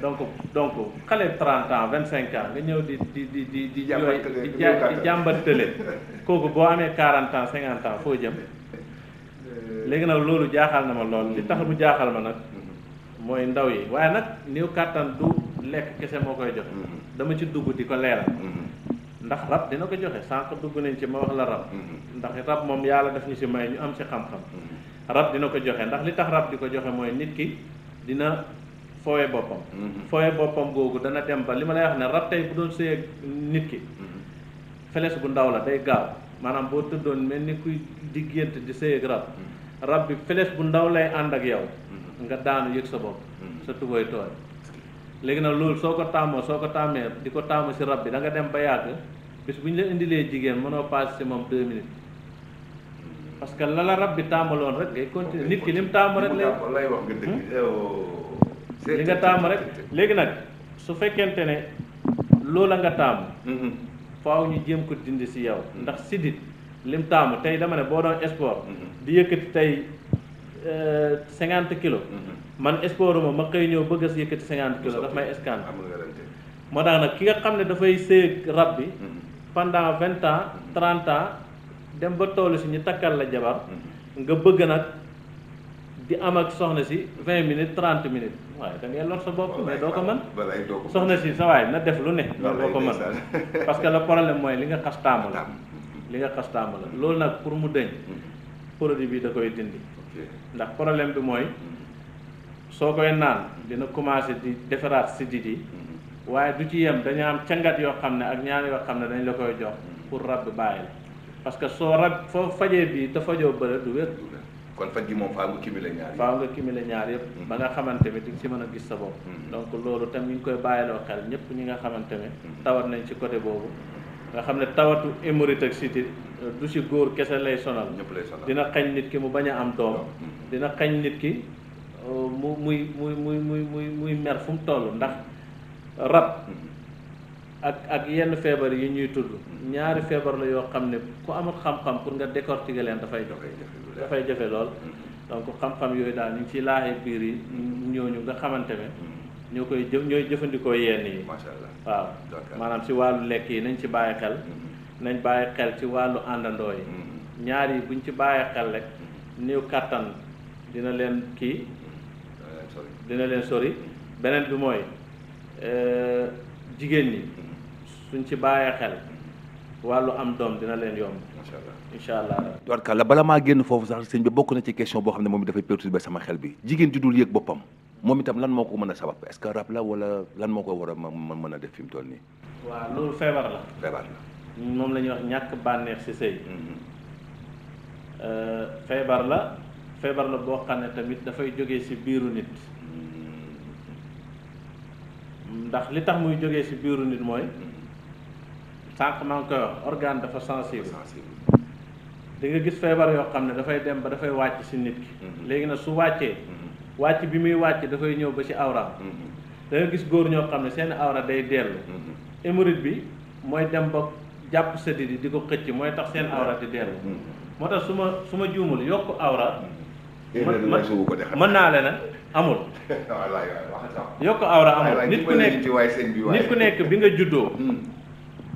Speaker 4: donc donc xale 30 ans cinq ans nga ñëw di di di di di
Speaker 3: jooy di jàmbattale
Speaker 4: kooku boo amee 40 ans 50 ans foo jëm
Speaker 1: euh.
Speaker 4: léegi nag loolu jaaxal na ma lool li tax mu jaaxal ma nag mhm. mooy ndaw yi waaye nag néew kàttan du lekk kese moo koy joxe mhm. dama ci dugg di ko leeral mhm. ndax rab dina ko joxe sànq dugg nañ ci ma wax la rab ndax rab moom yàlla def ñu si may ñu am si xam-xam rab dina ko joxe ndax li tax rab di ko joxe mooy nit ki dina foowe boppam mhm. foowe boppam googu dana dem ba li ma lay wax ne rab tey bu doon sëy ak nit ki mhm. feles bu ndaw la day gaaw maanaam boo tëddoon mel ni kuy diggéent di sëy ak rab mhm. rab bi feles bu ndaw lay ànd ak yow nga daanu yëg sa bopp sa tubooy tooy léegi nag loolu soo ko tàmmoo soo ko tàmmee di ko tàmm si rab bi da nga dem ba yàgg bis bu ñu la indilee jigéen mënoo paase si moom deux minutes parce que la la rab bi tàmbaloon rek ngay continuer nit ki li mu tàmb rek lay
Speaker 3: wax nga hmm? li nga tàmb rek
Speaker 4: léegi nag su fekkente ne loola nga tàmb mm-hmm. faaw ñu jéem ko dindi si yow mm-hmm. ndax sidit lim taamu tey dama ne boo doon sport mm-hmm. di yëkkati tey euh, cinquante kilo man sport ma ma xëy ñëw bëgg a yëkkati cinquante kilos daf may scan moo tax ki nga xam ne dafay sëy rab bi pendant vingt ans trente ans dem ba toolu si ñu takkal la jabar mm-hmm. nga bëgg nag di am ak soxna si vingt minutes trente minutes waaye da ngay lor sa bopp mais doo ko mën soxna si sa waay na def lu ne doo ko mën parce que le problème mooy li nga xas taamu la li nga xas taamu loolu nag pour mu dëñ mm-hmm. produit bi da koy dindi ndax problème bi mooy mm-hmm. soo koy naan dina commencé di defaraat sidit yi waaye du ci yem dañu am cangat yoo xam ne ak ñaan yoo xam ne dañ la koy jox pour rab bi bàyyi la parce que soo rab foo fajee bii te fajoo bële du wér. kon faj gi moom faa nga cumulé ñaar yëpp. faa nga ñaar yëpp. Mm. ba nga xamante ne di ci mën a gis sa bopp. Mm. donc loolu tam ñu ngi koy bàyyiloo xel ñëpp ñi nga xamante ne. Mm. tawat nañ ci côté boobu. nga xam ne tawatu émorite ak siti du si góor kese lay sonal. ñëpp lay sonal dina xañ nit ki mu bañ a am doom. dina xañ nit ki uh, mu muy muy muy muy muy muy mer fu mu toll ndax rab. ak ak yenn feebar yi ñuy tudd ñaari feebar la yoo xam ne ku amul xam-xam pour nga décortiquer leen dafay jafe dafay jafe lool donc xam-xam yooyu daal ñu ngi ciy laaxee biir yi ñooñu nga xamante ne mm-hmm. ñoo koy jëf ñooy jëfandikoo yenn yi macha allah waaw maanaam si wàllu lekk yi nañ ci bàyyi xel mm-hmm. nañ bàyyi xel ci wàllu àndandoo yi mm-hmm. ñaar yi buñ ci bàyyi xel rek néew kàttan dina leen kii uh, dina leen sori beneen bi mooy euh, jigéen ñi suñ ci bàyyee xel wàllu am doom dina leen yomb. incha allah
Speaker 3: incha allah. bala maa génn foofu sax sëñ bi bokk na ci question boo xam ne moom dafay perturbé sama xel bi jigéen ju dul yëg boppam moom itam lan moo ko mën a sabab est-ce rab la wala lan moo ko war a mën a def fi toll nii.
Speaker 4: waa loolu feebar la. feebar la moom la ñuy wax ñàkk bànneex ci sëy. Mm-hmm. Euh, la feebar la boo xam ne tamit dafay jóge ci biiru nit. Mm-hmm. ndax li tax muy jóge ci biiru nit mooy. Mm-hmm. sànq maa ngi koy wax organe dafa sensible di nga gis feebar yoo xam ne dafay dem ba dafay wàcc si nit ki mm-hmm. léegi nag su wàccee mm-hmm. wàcc bi muy wàcc dafay ñëw ba si awra mm-hmm. da gis góor ñoo xam ne seen awra day dellu hémorroïde bi mooy dem ba jàpp sëddi di di ko xëcc mooy tax seen awra di dellu moo tax su ma su ma juumul yokk awra <laughs> mën naa leen
Speaker 3: amul <laughs> yokk awra amul nit ku nekk nit ku
Speaker 4: nekk bi nga juddoo mm.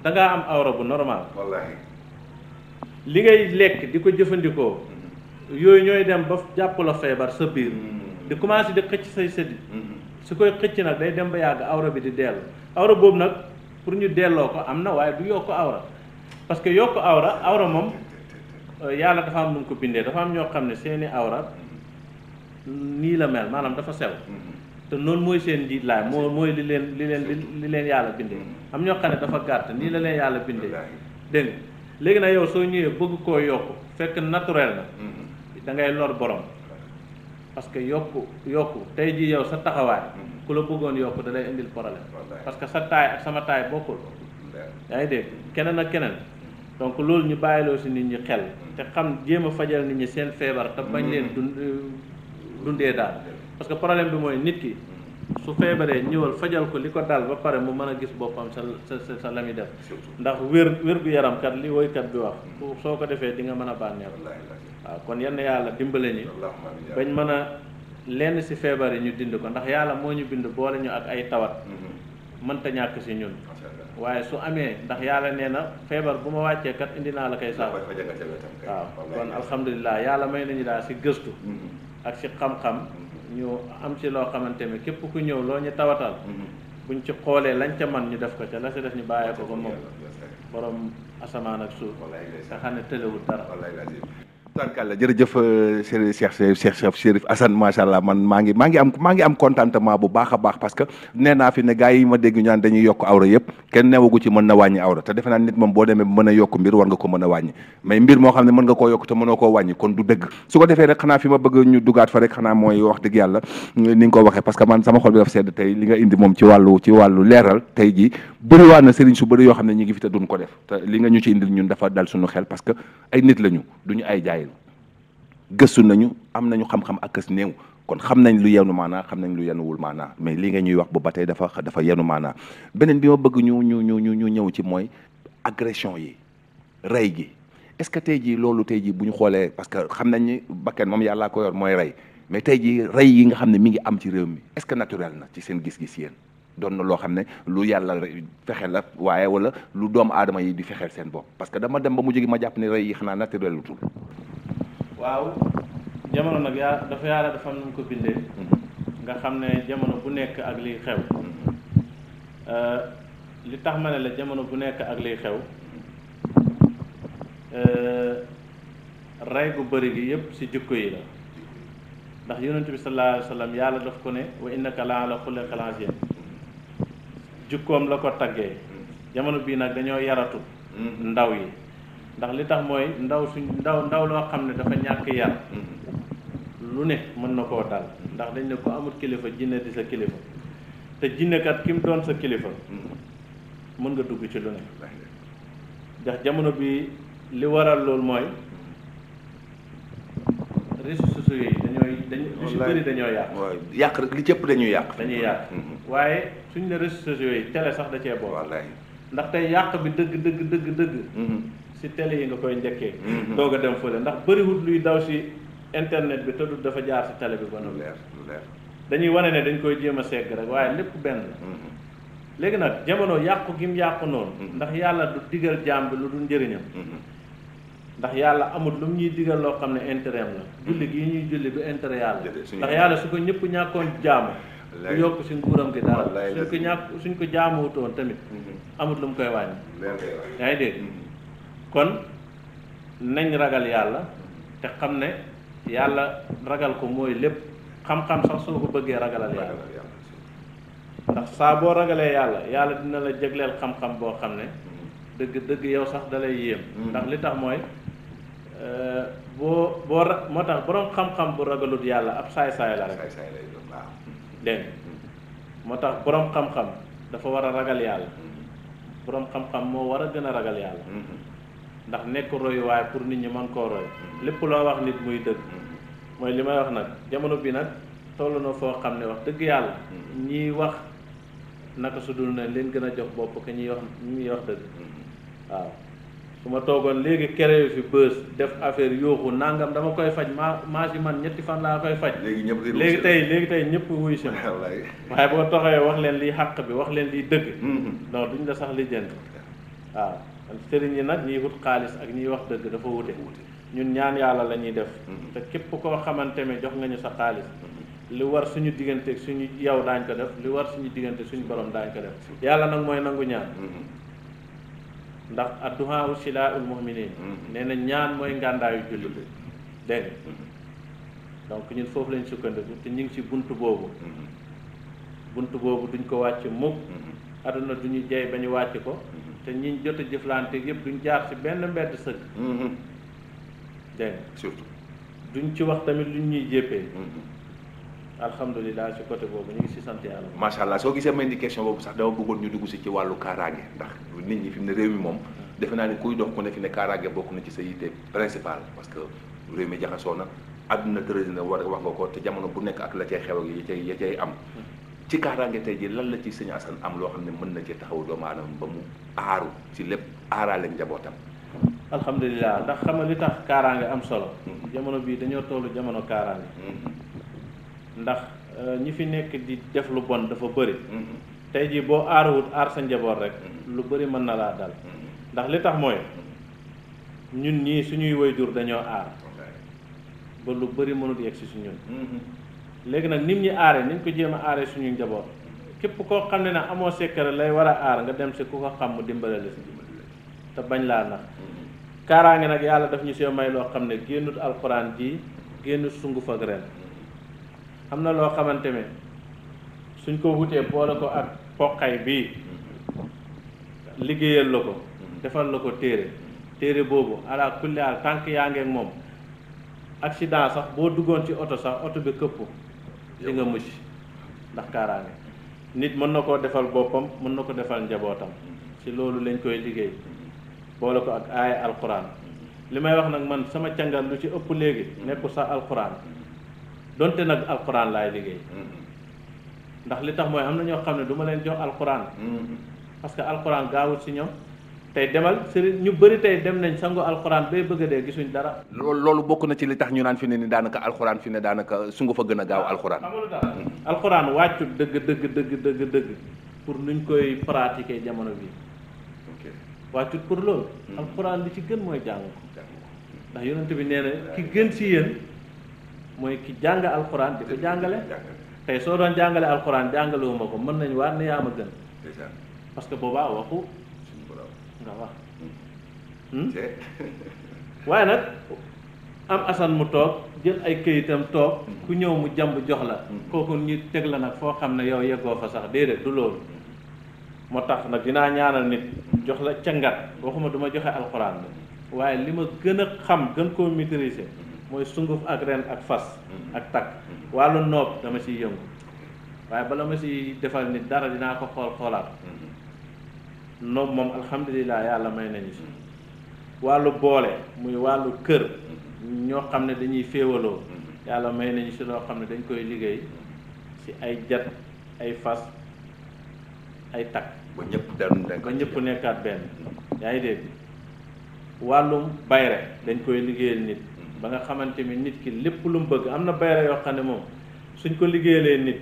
Speaker 4: da ngaa am awra bu normal. wallaahi. li ngay lekk di ko jëfandikoo. Mm-hmm. yooyu ñooy dem ba jàpp la feebar sa biir. Mm-hmm. di commencé di xëcc say sëddi. Mm-hmm. su koy xëcc nag day dem ba yàgg awra bi di dellu awra boobu nag pour ñu delloo ko am na waaye bu yokk awra parce que yokk awra awra moom euh, yàlla dafa am nu ko bindee dafa am ñoo xam ne seeni awra nii la mel maanaam dafa sew. te noonu mooy seen njiit laay moo mooy li leen li leen li leen yàlla bindee am ñoo xam ne dafa gàtt nii la leen yàlla bindee dégg léegi nag yow soo ñëwee bëgg koo yokk fekk naturel na mm-hmm. da ngay lor borom parce que yokku tey jii yow sa taxawaay mm-hmm. ku la bëggoon yokk dalay indil problème parce que sa taay ak sama taay bokkul yaa ngi dégg keneen ak keneen donc loolu ñu bàyyiloo si nit ñi xel mm-hmm. te xam jéem a fajal nit ñi seen feebar te bañ leen dund dundee daal parce que problème bi mooy nit ki su feebaree ñëwal fajal ko li ko dal ba pare mu mën a gis boppam sa sa sa la muy def ndax wér wér gu yaram li woykat bi wax soo ko defee di nga mën a bànneeku waaw kon yenn yàlla dimbale ñi bañ mën a lenn si feebar yi ñu dind ko ndax yàlla moo ñu bind boole ñu ak ay tawat mm-hmm. mënta ñàkk si ñun waaye su amee ndax yàlla nee na feebar bu ma wàccee kat indi naa la koy sax waaw kon alhamdulilah yàlla may nañu daal si gëstu si mm-hmm. xam ñu am ci loo xamante ne képp ku ñëw loo ñu tawatal mm-hmm. ñu ci xoolee lañ ca man ñu def ko ca la si def ñu bàyyee ko ko moom borom asamaan ak suuf te xam ne tëlewul dara
Speaker 3: tubaarkàlla jërëjëf euh, Serigne Cheikh Cheikh Chérif Assane macha allah man maa ngi maa ngi am maa ngi am contentement bu baax baax parce que nee fi ne gars yi ma dégg ñu naan dañuy yokk awra yëpp kenn newagu ci mën na wàññi awra te defe naa nit moom boo demee mën a yokk mbir war ko mën a wàññi mais mbir moo xam ne mën nga koo yokk te mënoo koo wàññi kon du dëgg su ko defee rek xanaa fi ma bëgg ñu dugaat fa rek xanaa mooy wax dëgg yàlla ni nga ko waxee parce que man sama xol bi dafa sedd tey li nga indi moom ci tey ji bëri na Serigne su bëri yoo xam ne ñu ngi fi te ko def li nga ñu ci indil ñun dafa dal suñu xel parce que ay nit lañu duñu ay gëstu nañu am nañu xam-xam ak kës néew kon xam nañ lu yenu maanaa xam nañ lu wul maanaa mais lii nga ñuy wax bu ba tey dafa dafa yenu maanaa beneen bi ma bëgg ñu ñu ñu ñu ñu ñëw ci mooy agression yi rey gi est-ce que tey jii loolu tey jii bu ñu xoolee parce que xam nañ ni bakkan moom yàllaa ko yor mooy rey mais tey jii rey yi nga xam ne mi ngi am ci réew mi est-ce que naturel na ci seen gis-gis yéen doon na loo xam ne lu yàlla fexe la waaye wala lu doomu aadama yi di fexeel seen bopp parce que dama dem ba mu jógi ma jàpp ne rey yi xanaa naturel lutul
Speaker 4: waaw jamono nag yaa dafa yàlla dafa am mu ko bindee mm-hmm. nga xam ne jamono bu nekk ak liy xew mm-hmm. li tax ma ne la jamono bu nekk ak liy xew mm-hmm. euh, rey bu bari gi yépp ci jikko yi la ndax yonent bi sallallahu alayhi yàlla daf ko ne wa innaka la ala xulqin aziim la ko taggee jamono bii nag dañoo yaratu ndaw yi ndax li tax mooy ndaw suñ ndaw ndaw loo xam ne dafa ñàkk yar mm-hmm. lu ne mën na koo dal ndax dañ ne ko amul kilifa jinne di sa kilifa te jinnekat ki mu doon sa kilifa mm-hmm. mën nga dugg ci lu ne ndax jamono bi li waral loolu mooy réseaux sociaux yi dañooy dañ lu dañoo yàq
Speaker 3: yàq rek li cëpp dañuy yàq dañuy yàq mm-hmm.
Speaker 4: waaye suñ ne réseaux sociaux yi télé sax da cee bokk ndax tey yàq bi dëgg dëgg dëgg dëgg ci tele yi nga koy njëkkee mm-hmm. doog a dem fële ndax bëriwut luy daw si internet bi te dafa jaar si tele bi ba nu leer dañuy wane ne dañ koy jéem a segg rek waaye lépp benn mm-hmm. léegi nag jamono yàqu gim yàqu noonu mm-hmm. ndax yàlla du digal jaam bi lu du njëriñam ndax yàlla amut lu mu ñuy digal loo xam ne intérêt am la julli gi ñuy julli bi intérêt yàlla ndax yàlla su ko ñëpp ñàkkoon jaamu du yokk si nguuram gi dara suñ ko ñàkk suñ ko jaamuwutoon tamit amut lu mu koy wàññi kon nañ ragal yàlla te xam ne yàlla ragal ko mooy lépp xam-xam sax soo ko bëggee ragalal yàlla ndax saa boo ragalee yàlla yàlla dina la jagleel xam-xam boo xam ne dëgg dëgg yow sax dalay yéem mm. ndax li tax mooy euh, boo boo ra moo tax boroom xam-xam bu ragalut yàlla ab saay-saay la rek dégg mm. moo tax boroom xam-xam dafa war a ragal yàlla mm. boroom xam-xam moo war a gën a ragal yàlla mm-hmm. ndax nekk royuwaay pour nit ñi mën koo roy mm-hmm. lépp loo wax nit muy dëgg mm-hmm. mooy li may wax nag jamono bi nag toll na foo xam ne wax dëgg yàlla mm-hmm. ñiy wax naka su dul ne leen gën a jox bopp que ñiy wax ñiy wax dëgg waaw su ma toogoon léegi kere fi bës def affaire yooxu nangam dama koy faj maa maa si man ñetti fan laa koy faj léegi tey léegi tey ñëpp wuy si waaye boo toxee wax leen liy xàq bi wax leen liy dëgg non duñ la sax li jënd waaw sëriñ yi nag ñiy wut xaalis ak ñiy wax dëgg dafa wute ñun ñaan yàlla la ñuy def mm-hmm. te képp koo xamante ne jox nga ñu sa xaalis mm-hmm. li war suñu diggante suñu yow daañ ko def li war suñu diggante suñu borom daañ ko def mm-hmm. yàlla nag mooy nangu ñaan ndax adduhaa u ul mu'minin nee na ñaan mooy ngàndaayu jullit dégg donc ñun foofu lañ sukkandiku te ñu ngi ci bunt boobu bunt boobu duñ ko wàcc mukk adduna duñu jey ba ñu wàcc ko te ñi jot a jëflante yëpp ñu jaar si benn mbedd sëgg. Mm-hmm. dégg surtout duñ ci wax tamit lu ñuy jéppee. Mm-hmm. alhamdulilah ci côté boobu ñu ngi si sant yàlla.
Speaker 3: macha allah soo gisee ma indi question boobu sax dama bëggoon ñu dugg si ci wàllu kaaraange ndax nit ñi fi ne réew mi moom. defe naa ne kuy dox ku ne fi ne kaaraange bokk na ci sa yitte principal parce que réew mi jaxasoo na àdduna tërëli na war wax nga ko te jamono bu nekk ak la cay xew ak ya cay ya ci kaaraange tey jii lan la ci sëñ Assane am loo xam ne mën na ci taxawu doomu aadama ba mu aaru ci lépp aaraale njabootam. alhamdulilah ndax xam nga li tax kaaraange
Speaker 4: am solo. Mm-hmm. jamono bii dañoo tollu jamono kaaraange. Mm-hmm. ndax euh, ñi fi nekk di def lu bon dafa bëri. Mm-hmm. tey jii boo aaruwut aar sa njaboot rek. lu bari mën na laa dal. ndax li tax mooy ñun ñii suñuy wayjur dañoo aar. ba lu bari mënut yegg si si ñun. léegi nag nit ñi aare nañ ko jéem a aare suñuy njaboot képp koo xam ne nag amoo secret lay war a aar nga dem si ku ko xam mu dimbale la si te bañ laa nax kaaraange nag yàlla daf ñu see may loo xam ne génnut alxuraan ji génn sunguf ak ren am na loo xamante ne suñ ko wutee boole ko ak poqay bii liggéeyal la ko defal la ko téere téere boobu ala kulli al tànk yaa ngeen moom accident sax boo duggoon ci oto sax oto bi këpp li nga mucc ndax kaaraange nit mën na koo defal boppam mën na ko defal njabootam ci loolu lañ koy liggéey boole ko ak aaya alquran li may wax nag man sama cangal lu ci ëpp léegi nekkul sax alquran donte nag alquran laay liggéey ndax li tax mooy am na ñoo xam ne duma leen jox alquran mm-hmm. parce que alquran gaawut ci ñoom tey demal sëriñ ñu bëri tey dem nañ sangu alxuraan bay bëgg dee gisuñ dara.
Speaker 3: loolu bokk na ci li tax ñu naan fi ne ni daanaka alxuraan fi ne daanaka sungu fa gën a gaaw alxuraan.
Speaker 4: alxuraan wàccut dëgg dëgg dëgg dëgg nuñ koy pratiquer jamono bi wàccut pour loolu. Hmm. alxuraan li ci gën mooy jàng ko. ndax yonent bi nee ki gën si yéen mooy ki jàng alxuraan di ko jàngale. tey soo doon jàngale alxuraan jàngalewuma ko mën nañ waar ne yaa ma gën. parce que boobaa waxu. waaw hmm? <laughs> waaye nag am asan mu toog jël ay kayitam toog hmm. ku ñëw mu jàmb jox la hmm. kooku ñu teg la nag foo xam ne yow yeggoo fa sax déedéet du loolu moo tax nag dinaa ñaanal nit jox la cangat waxuma duma joxe alxuraan la waaye li ma gën a xam gën koo maîtriser mooy sunguf ak ren ak fas ak takk wàllu noob dama ci yëngu waaye bala ma ci defal nit dara dinaa ko xool xoolaat noom moom alhamdulilah yàlla may nañu si wàllu boole muy wàllu kër ñoo xam ne dañuy féewaloo yàlla may nañu si loo xam ne dañ koy liggéey si ay jat ay fas ay takk ba ñëpp dem ñëpp nekkaat benn yaa ngi dégg wàllum bayre dañ koy liggéeyal nit ba nga xamante ni nit ki lépp lu mu bëgg am na bayre yoo xam ne moom suñ ko liggéeyalee nit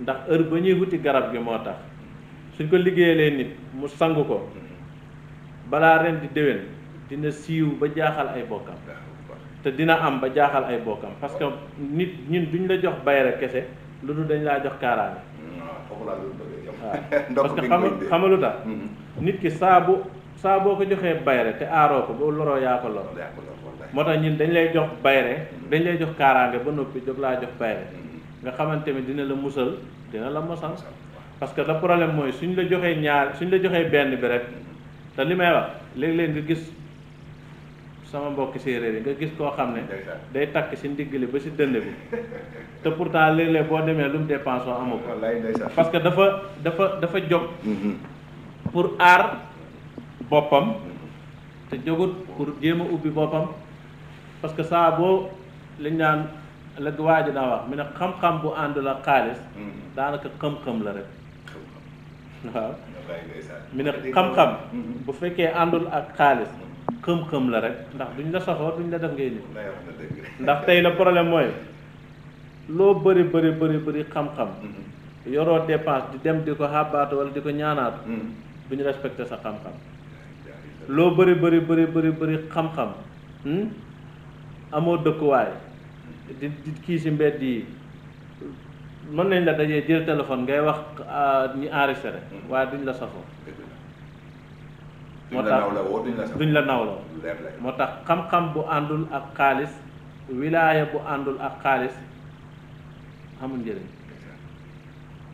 Speaker 4: ndax ër ba ñuy wuti garab gi moo tax suñ ko liggéeyalee nit mu sangu ko balaa ren di déwén dina siiw ba jaaxal ay bokkam te dina am ba jaaxal ay bokkam parce que nit ñun duñ la jox bayra kese lu dul dañ laa jox kaaraange
Speaker 3: ah, waaw parce que xam
Speaker 4: xamalu mm-hmm. nit ki saa bu saa boo ko joxee bayre te aaroo ko ba loroo yaa ko lor moo tax ñun dañ lay jox bayre mm-hmm. dañ lay jox kaaraange ba noppi jóg laa jox bayre mm-hmm. nga xamante ne dina la musal dina la mosal parce que le problème mooy suñ la joxee ñaar suñ la joxee benn bi rek te li may wax léeg leen nga gis sama mbokki séeréer yi nga gis koo xam ne day takk si ndigg li ba si dënd bi <laughs> te pourtant léeg-léeg boo demee lu mu dépense oo amu ko parce que dafa dafa dafa jóg mm-hmm. pour aar boppam te jógut pour jéem a ubbi boppam parce que saaboo boo liñ naan la waa ji daa wax mu ne xam-xam bu àndul ak xaalis mm-hmm. daanaka xam-xam la rek waaw
Speaker 3: mi ne xam-xam mm-hmm.
Speaker 4: bu fekkee àndul ak xaalis xëm-xëm la rek ndax duñ la soxla duñ la def ngay nit ndax tey la problème mooy loo bëri bari bëri bari xam-xam mm-hmm. yoroo dépense di dem di ko xàbbaatu wala di ko ñaanaatu bu mm-hmm. ñu respecté sa xam-xam loo bari bari bëri bëri bëri xam-xam hmm, amoo dëkkuwaay di di kii si mbedd yi mën nañ la dajee jël téléphone ngay wax ah, ñu enregistré hmm. waaye duñ la safoo
Speaker 3: moo tax duñ
Speaker 4: la nawloo moo tax xam-xam bu àndul ak xaalis wilaaya bu àndul ak xaalis xamul njëriñ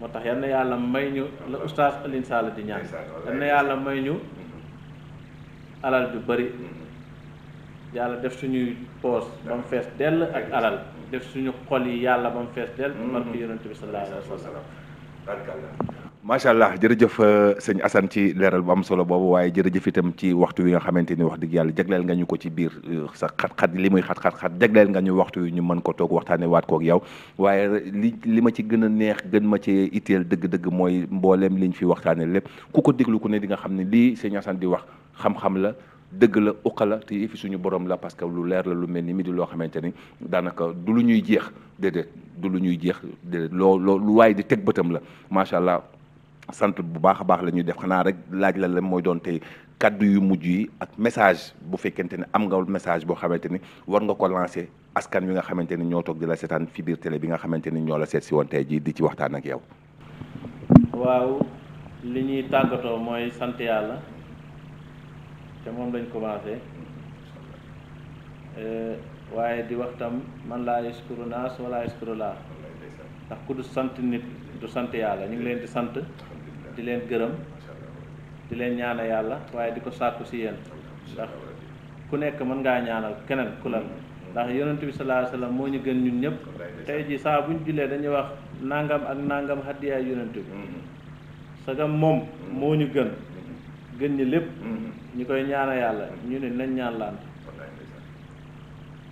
Speaker 4: moo tax yal na yàlla may ñu la oustaz Alioune di ñaan yal na yàlla may ñu hmm. alal ju bari hmm. yàlla def suñuy poos ba fees dell ak alal def suñu xol yi yàlla ba mu fees del mm-hmm. barke yonent bi sallallahu alayhi wa sallam
Speaker 3: macha allah jërëjëf euh, sëñ Assane ci leeral bu am solo boobu waaye jërëjëf itam ci waxtu wi nga xamante ni wax dëgg yàlla jagleel nga ñu ko ci biir euh, sa xat-xat li muy xat-xat-xat nga ñu waxtu wi ñu mën ko toog waxtaanee waat kook yow waaye li li ma ci gën a neex gën ma ci itteel dëgg-dëgg mooy mbooleem liñ fi waxtaanee lépp ku ko déglu ko ne di nga xam ne lii sëñ asan di wax xam la dëgg la uqa la te yëfi suñu borom la parce que lu leer la lu mel ni midi loo xamante ni daanaka du lu ñuy jeex déedéet du lu ñuy jeex déedéet loo loo lu waaye di teg bëtam la macha allah sant bu baax a baax la ñuy def xanaa rek laaj la la mooy doon tey kaddu yu mujj yi ak message bu fekkente ne am nga message boo xamante ni war nga ko lancer askan wi nga xamante ni ñoo toog di la seetaan fi biir télé bi nga xamante ni ñoo la seet si woon tey jii di ci waxtaan ak yow.
Speaker 4: waaw li ñuy tàggatoo te moom lañ commencé euh, waaye di wax tam man laa yaskuru naas wala yaskuru ndax ku du sant nit du sant yàlla ñu ngi leen di sant di leen gërëm di leen ñaana yàlla waaye di ko sàkku si yéen ndax ku nekk mën ngaa ñaanal keneen ku la ndax yonent bi sallallahu alayhi moo ñu gën ñun ñëpp tey ji saa buñ jullee dañuy wax nangam ak nangam hadiyaay yonent bi mm-hmm. sagam moom moo ñu gën gën ñi lépp mm-hmm. ñi koy ñaana yàlla ñu ne nañ ñaan laan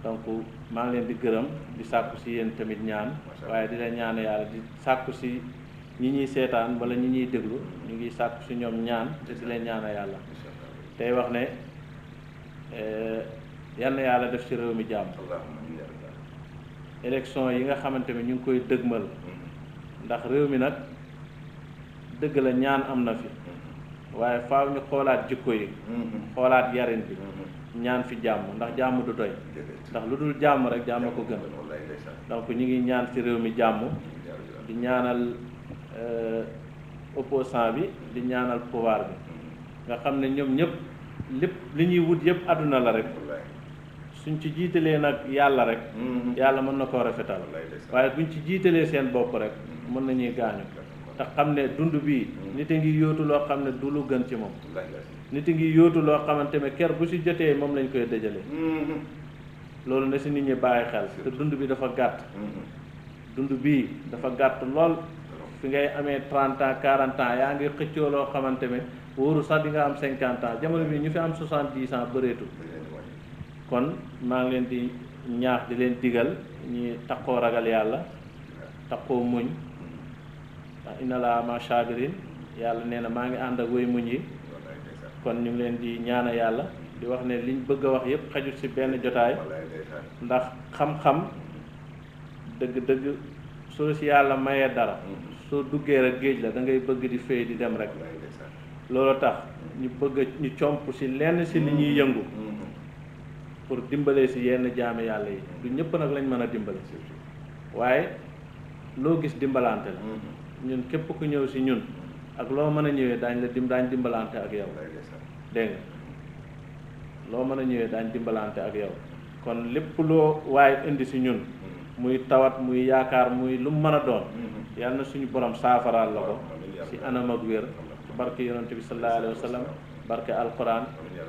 Speaker 4: donc maa ngi leen di gërëm di sàkku si yéen tamit ñaan waaye di leen ñaan yàlla di sàkku si ñi ñuy seetaan wala ñi ñuy déglu ñu ngi sàkku si ñoom ñaan te di leen ñaan yàlla tey wax ne eh, yal yàlla def ci réew mi jàmm élection yi nga xamante ni ñu ngi koy dëgmal mm-hmm. ndax réew mi nag dëgg la ñaan am na fi waaye faaw ñu xoolaat jikko yi mm-hmm. xoolaat yarin bi mm-hmm. ñaan fi jàmm ndax jàmm du doy ndax lu dul jàmm rek jàmm ko gën donc ñu ngi ñaan ci réew mi jàmm di ñaanal euh, opposant bi di ñaanal pouvoir bi mm-hmm. nga xam ne ñoom ñëpp lépp li ñuy wut yëpp àdduna la rek suñ ci jiitalee nag yàlla rek yàlla mën na koo rafetal waaye buñ ci jiitalee seen bopp rek mën nañuy gaañu te xam ne dund bii mm. nit a ngi yóotu loo xam ne du lu gën ci moom nit a ngi yóotu loo xamante ne ker bu si jotee moom lañ koy dajale mm-hmm. loolu na si nit ñi bàyyi xel te dund bi dafa gàtt mm-hmm. dund bii dafa gàtt lool fi ngay amee trente ans yaa ngi xëccoo loo xamante ne wóoru sax di nga am cinquante ans jamono bi ñu fi am soixante dix ans bëreetul kon maa ngi leen di ñaax di leen digal ñi koo ragal yàlla tax takkoo muñ ndax inna laa ma sabirin yàlla nee na maa ngi ànd ak woy muñ yi kon ñu leen di ñaana yàlla di wax ne liñ bëgg a wax yépp xajul ci benn jotaay ndax xam-xam dëgg-dëgg su la yàlla mayee dara soo duggee rek géej la da ngay bëgg di féey di dem rek loolu tax ñu bëgg ñu comp ci lenn ci li ñuy yëngu pour dimbale ci yenn jaami yàlla yi du ñëpp nag lañ mën a dimbale waaye loo gis dimbalante la ñun képp ku ñëw si ñun ak loo mën a ñëwee daañ la dim daañ dimbalante ak yow dégg nga loo mën a ñëwee daañ dimbalante ak yow kon lépp loo waaye indi si ñun mm-hmm. muy tawat muy yaakaar muy lu mu mën a doon mm-hmm. yàlla na suñu borom saafaraal la ko si anam ak wér barke yonent bi sallallahu alayhi wa sallam barke alquran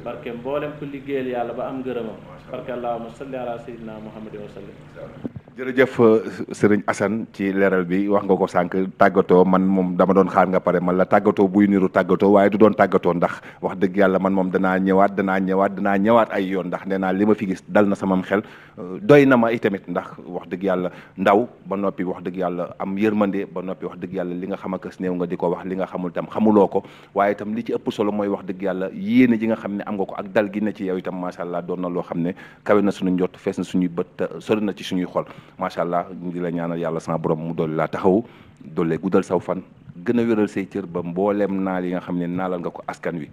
Speaker 4: barke mboolem ku liggéeyal yàlla ba am ngërëmam barke allahuma salli ala sayyidina muhammadin wa sallim
Speaker 3: jërëjëf euh, sëriñ Assane ci leeral bi wax nga ko sànq tàggatoo man moom dama doon xaar nga pare man la tàggatoo buy niru tàggatoo waaye du doon tàggatoo ndax wax dëgg yàlla man moom danaa ñëwaat danaa ñëwaat danaa ñëwaat ay yoon ndax nee naa li ma fi gis dal na samam xel euh, doy na ma itamit ndax wax dëgg yàlla ndaw ba noppi wax dëgg yàlla am yërmande ba noppi wax dëgg yàlla li nga xam ak as nga di ko wax li nga xamul tam xamuloo ko waaye itam li ci ëpp solo mooy wax dëgg yàlla yéene ji nga xam ne am nga ko ak dal ci yow itam macha allah doon na loo xam ne kawe na suñu njott fees na suñuy bët sori na ci suñuy xol macha allah ñu di la ñaanal yàlla sama borom mu dolli laa taxaw dolli guddal saw fan gën a wéral say cër ba mbooleem naa li nga xam ne naalal nga ko askan wi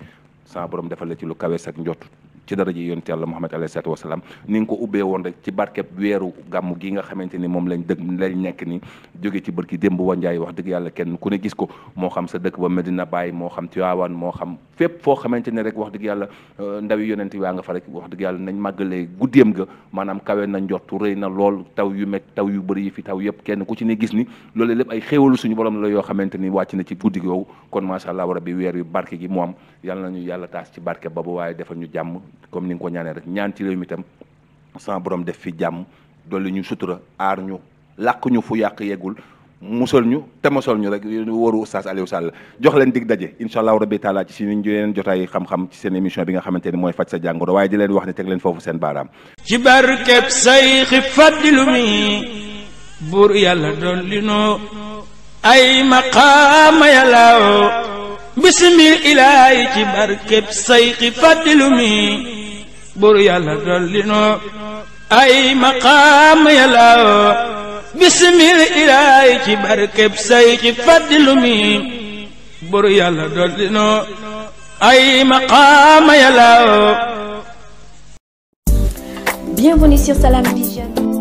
Speaker 3: sama borom defal la ci lu kawe njot ci dara ji yonent yàlla Muhammad alayhi salaatu wasalaam ni nga ko ubbee woon rek ci barkeb weeru gàmm gi nga xamante ni moom lañ dëgg lañ nekk ni jóge ci bërki démb wanjaay wax dëgg yàlla kenn ku ne gis ko moo xam sa dëkk ba Medina Baye moo xam Tiwaawan moo xam fépp foo xamante ne rek wax dëgg yàlla euh, ndawi yonent waa nga fa rek wax dëgg yàlla nañ màggalee guddeem ga maanaam kawe na njottu rëy na lool taw yu met taw yu bëri yi fi taw yëpp kenn ku ci ne gis ni loolu lépp ay xéewalu suñu borom la yoo xamante ni wàcc na ci guddi googu kon macha allah rabbi weer yu barke gi mu am yàlla nañu yàlla taas ci barke ba bu defal ñu jàmm comme ni nga ko ñaanee rek ñaan ci réew mi tam sama borom def fi jàmm dolli ñu sutura aar ñu làkk ñu fu yàq yeggul musal ñu te mosal ñu rek wóoru oustaz Aliou Sall jox leen dig daje incha allahu rabbi taala ci suñu yeneen jotaay xam-xam ci seen émission bi nga xamante ni mooy faj sa jàngoro waaye di leen wax ne teg leen foofu seen baaraam.
Speaker 2: ci barkeb say xi fàddilu mi buur yàlla dolli noo ay maqaama yàllaaw bisimil ilaahi barkeb sayxi fàddilu mi bur yàlla dolli noo ay maqaam
Speaker 1: yàlla